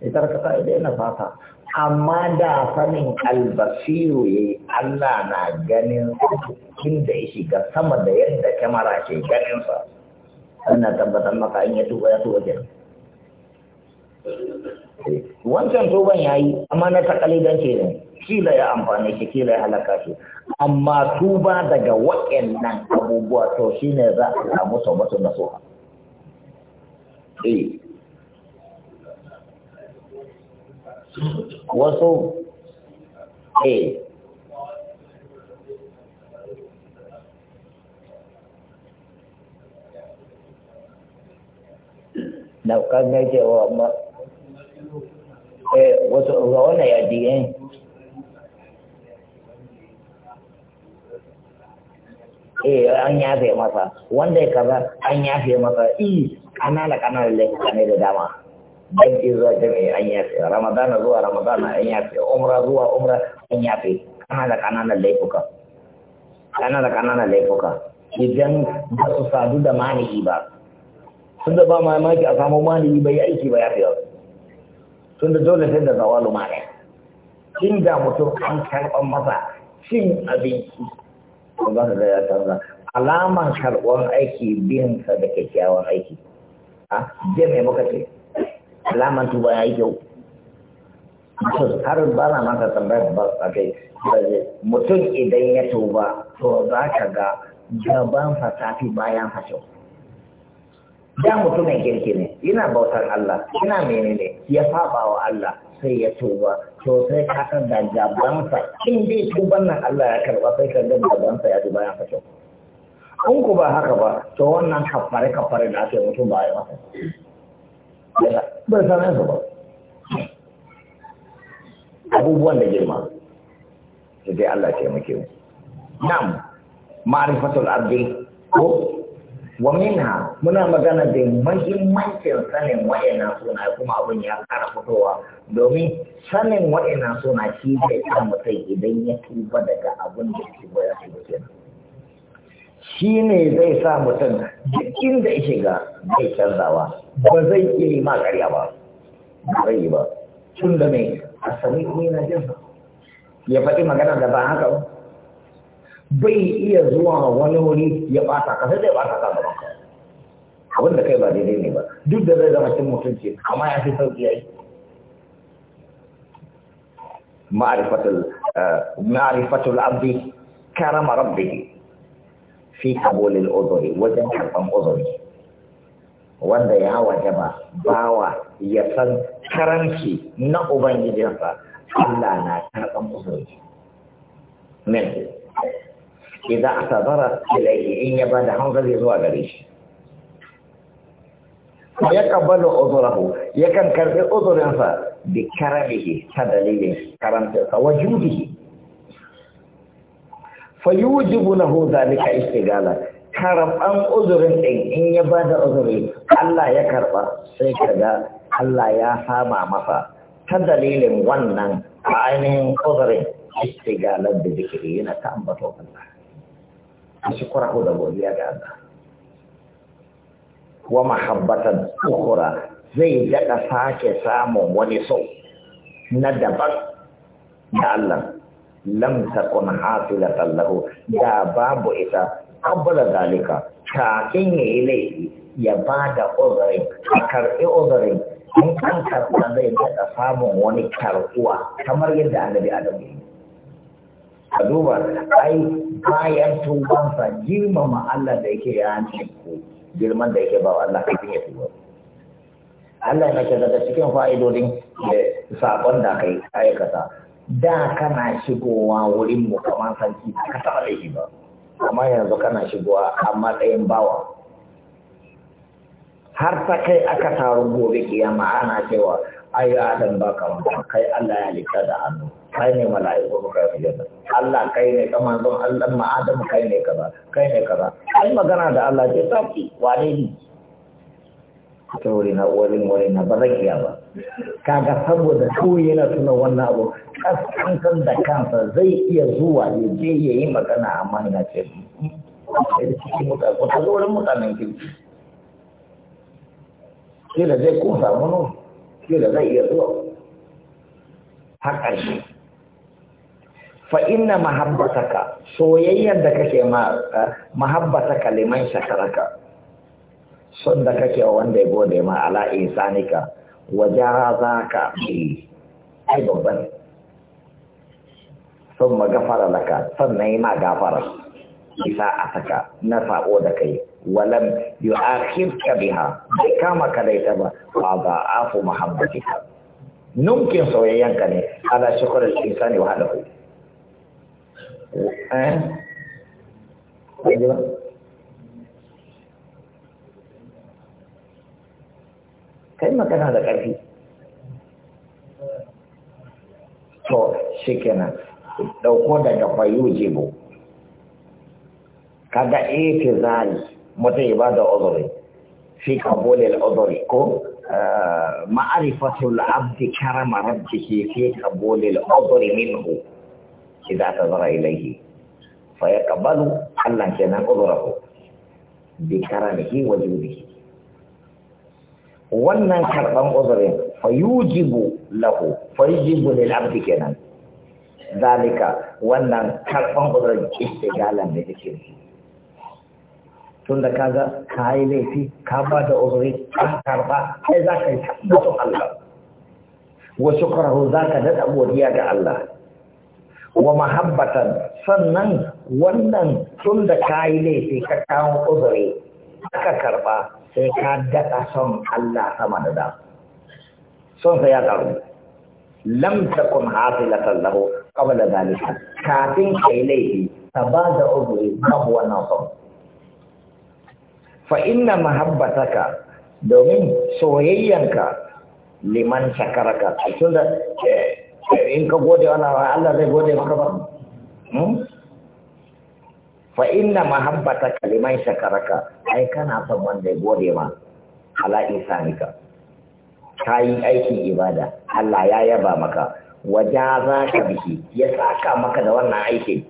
ita ka ta idan na fata amma da sanin albasiru yi, Allah na ganin tun da ya shiga sama da yadda kyamara ke ganin sa Allah tabbatar maka in ya tuba ya tuba kenan wancan toban ya yi amma na takalidan ke ne kila ya amfani shi kila ya halaka shi amma tuba daga nan abubuwa to shi ne za a samu taubatu na soha eh. wasu eh na kan wa Eh, wasu ga wannan ya ji eh eh an yafe masa wanda ya kaza an yafe masa i kana kanana laifuka ne da dama dan zuwa jami'i an yafe ramadana zuwa ramadana an yafe umra zuwa umra an yafe kanana kanana laifuka kanana kanana laifuka idan ba su sadu da mani'i ba sun da ba mamaki a samu mani'i ya aiki ba yafe ba tun da dole sai da zawalu mara kin da mutum an karɓar masa cin abinci to ba ka da ya canza alaman karɓar aiki bin sa da kyakkyawan aiki a je mai muka ce alaman tuba ya yi kyau har ba na masa tambayar ba a kai mutum idan ya tuba to za ka ga gaban fasafi bayan fashe da mutumin girki ne yana bautar Allah yana menene ya faɓa wa Allah sai ya tuba to sai ka san da jabansa, in bi tuban nan Allah ya karɓa, sai ka ga jabansa ya tuba ya fito in ku ba haka ba to wannan kafare kafare da ake mutum ba ya masa bai san yansa ba abubuwan da girma sai dai Allah ya taimake mu na'am ma'rifatul abdi ko wamina muna magana da mahimmancin sanin wa'ina suna kuma abin ya kara fitowa domin sanin wa'ina suna shi zai kira mutum idan ya tuba daga abin da ke baya su da kenan shi ne zai sa mutum duk da ya shiga zai canzawa ba zai iya yi ma karya ba ba zai yi ba tun da mai a sami kuma jinsa ya faɗi magana da ba haka ba bai iya zuwa wani wuri ya ɓata ka sai dai bata ka gaban ka abin da kai ba daidai ne ba duk da zai zama cin mutunci amma ya fi sauƙi ya yi eh, ma'arifatul abdi karama rabbi fi kabulil ozori wajen karɓan ozori wanda ya ba bawa ya san karanci na ubangijinsa Allah na karɓar uzuri. idan aka bara ilaihi in ya bada hankali zuwa gare shi ya kabbalu uzurahu yakan karbi uzurinsa bi karamihi ta dalilin karamtarsa wa judihi fa yujibu lahu zalika istighala karban uzurin din in ya bada uzuri Allah ya karba sai kaga Allah ya sama masa ta dalilin wannan a ainihin uzurin istigalar da zikiri yana ta ambato Allah a ko da godiya ga Allah wa mahabbatan ukhra zai daɗa sake samun wani so na daban da Allah lam takun hafila lahu da babu ita qabla zalika kafin ya yi laifi ya ba da uzurin a karɓi in an karɓa zai daɗa samun wani karɓuwa kamar yadda annabi Adamu a duba ai bayan tubansa girmama Allah da yake ya ku girman da yake ba Allah kafin ya tuba Allah ya ce daga cikin fa'idodin sakon da kai aikata da kana shigowa wurin mu kamar sarki ba ka taɓa laifi ba amma yanzu kana shigowa a matsayin bawa har ta kai aka taru gobe kiyama ana cewa ayi adam ba ka wanda kai Allah ya halitta da hannu kai ne mala'iku ba kai halitta Allah kai ne kama don Allah ma adam kai ne kaza kai ne kaza ai magana da Allah ce tafi wane ni. ta wuri na wani wuri na ba zan iya ba kaga saboda su yana tuna wannan abu kan da kansa zai iya zuwa ya je ya yi magana amma ina ce ku ta zo wurin mutanen kirki kila zai kusa samu da zai iya zuwa har ƙarshe fa inna mahabbataka soyayyar da kake ma mahabbataka liman shakaraka son da kake wa wanda ya gode ma ala insanika wajara za ka ai babban son magafara laka na yi ma gafara isa a saka na sa'o da kai walam ka biha bai kama ka da ita ba fa ba afu muhammadu. Nunkin numkin soyayyanka ne ala shukr al-insani wa hadahu eh kai magana da ƙarfi to shi kenan ɗauko daga fayu jibo kaga ake zali mutum ya ba da uzuri fi kabulil uzuri ko eh, ma'arifatul abdi karama rabbihi fi kabulil uzuri minhu idza tazara ilayhi fa yaqbalu Allah kenan uzurahu bi karamihi wa judihi wannan karban uzurin fa yujibu lahu fa yujibu lil abdi kenan zalika wannan karban uzurin istigalan da yake tunda kaga ka yi laifi ka ba da uzuri an karba sai za ka yi mutum Allah wa shukrahu za ka daɗa godiya ga Allah wa mahabbatan sannan wannan tunda ka yi laifi ka kawo uzuri aka karba sai ka daɗa son Allah sama da da son sa ya karu lam takun hasilatan lahu qabla dhalika kafin kai laifi ka ba da uzuri babu wannan son fa inna mahabbataka domin soyayyanka liman shakaraka da eh, in ka gode wa Allah zai gode maka ba hmm? fa inna mahabbataka liman shakaraka ai kana son wanda ya gode ma ala ka yi aikin ibada Allah ya yaba maka wajaza ka biki ya saka maka da wannan aikin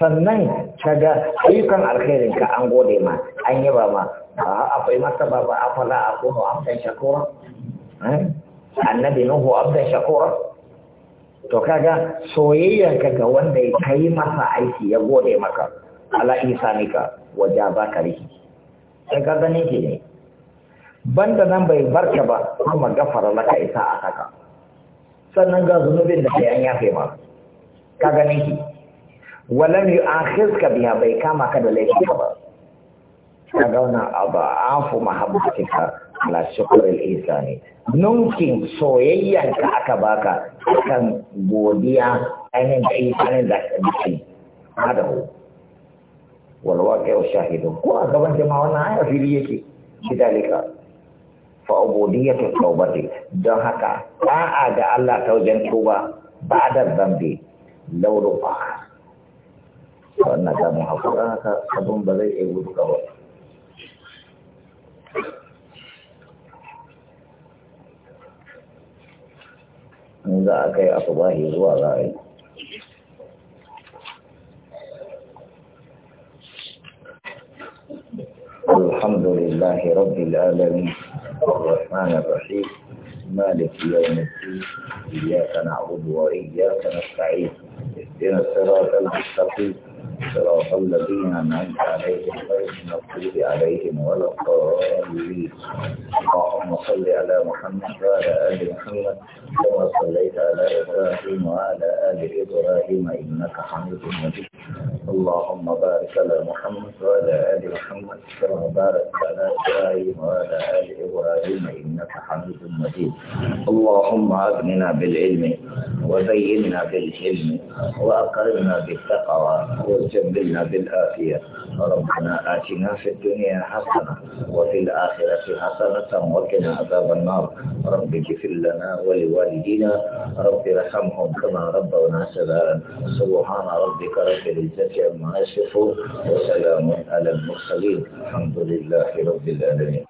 sannan ka ga ayyukan alkhairin ka an gode ma an yaba ma akwai masa ba ba afala a kuma abdan shakura eh? annabi nuhu abdan shakura to kaga soyayyar ka ga wanda ya kai masa aiki ya gode maka ala isanika ka waje ba ka gani ke ne banda nan bai barka ba kuma gafara maka isa a haka sannan ga zunubin da kai an yafe ma ka gani ki walam yi akhizka biya bai kama ka da laifi ba ka gauna abu afu mahabbatika ala shukrul nunkin soyayya ka aka baka kan godiya ainihin da ihsanin da ka dace hadahu wal waqi'u hidu? ko a gaban jama'a wannan aya fili yake dalika fa ubudiyatu tawbati don haka ba'a ga Allah ta wajen tuba da zambi lauru ba wannan gamin haƙura haka abin ba zai iya gudu ba in za a kai asubahi zuwa za a yi الحمد لله رب العالمين الرحمن الرحيم مالك يوم الدين إياك نعبد وإياك نستعين اهدنا الصراط المستقيم صراط الذين أنعمت عليهم غير المغضوب عليهم ولا الضالين اللهم صل على محمد وعلى آل محمد كما صليت على إبراهيم وعلى آل إبراهيم إنك حميد مجيد اللهم بارك على محمد وعلى آل محمد كما باركت على إبراهيم وعلى آل إبراهيم إنك حميد مجيد اللهم أغننا بالعلم وزينا بالحلم وأقرنا بالتقوى وجملنا بالآفية ربنا آتنا في الدنيا حسنة وفي الآخرة حسنة وقنا عذاب النار رب اغفر لنا ولوالدينا رب ارحمهم كما ربونا صغارا سبحان ربك رب العزة الجمع وسلام على المرسلين الحمد لله رب العالمين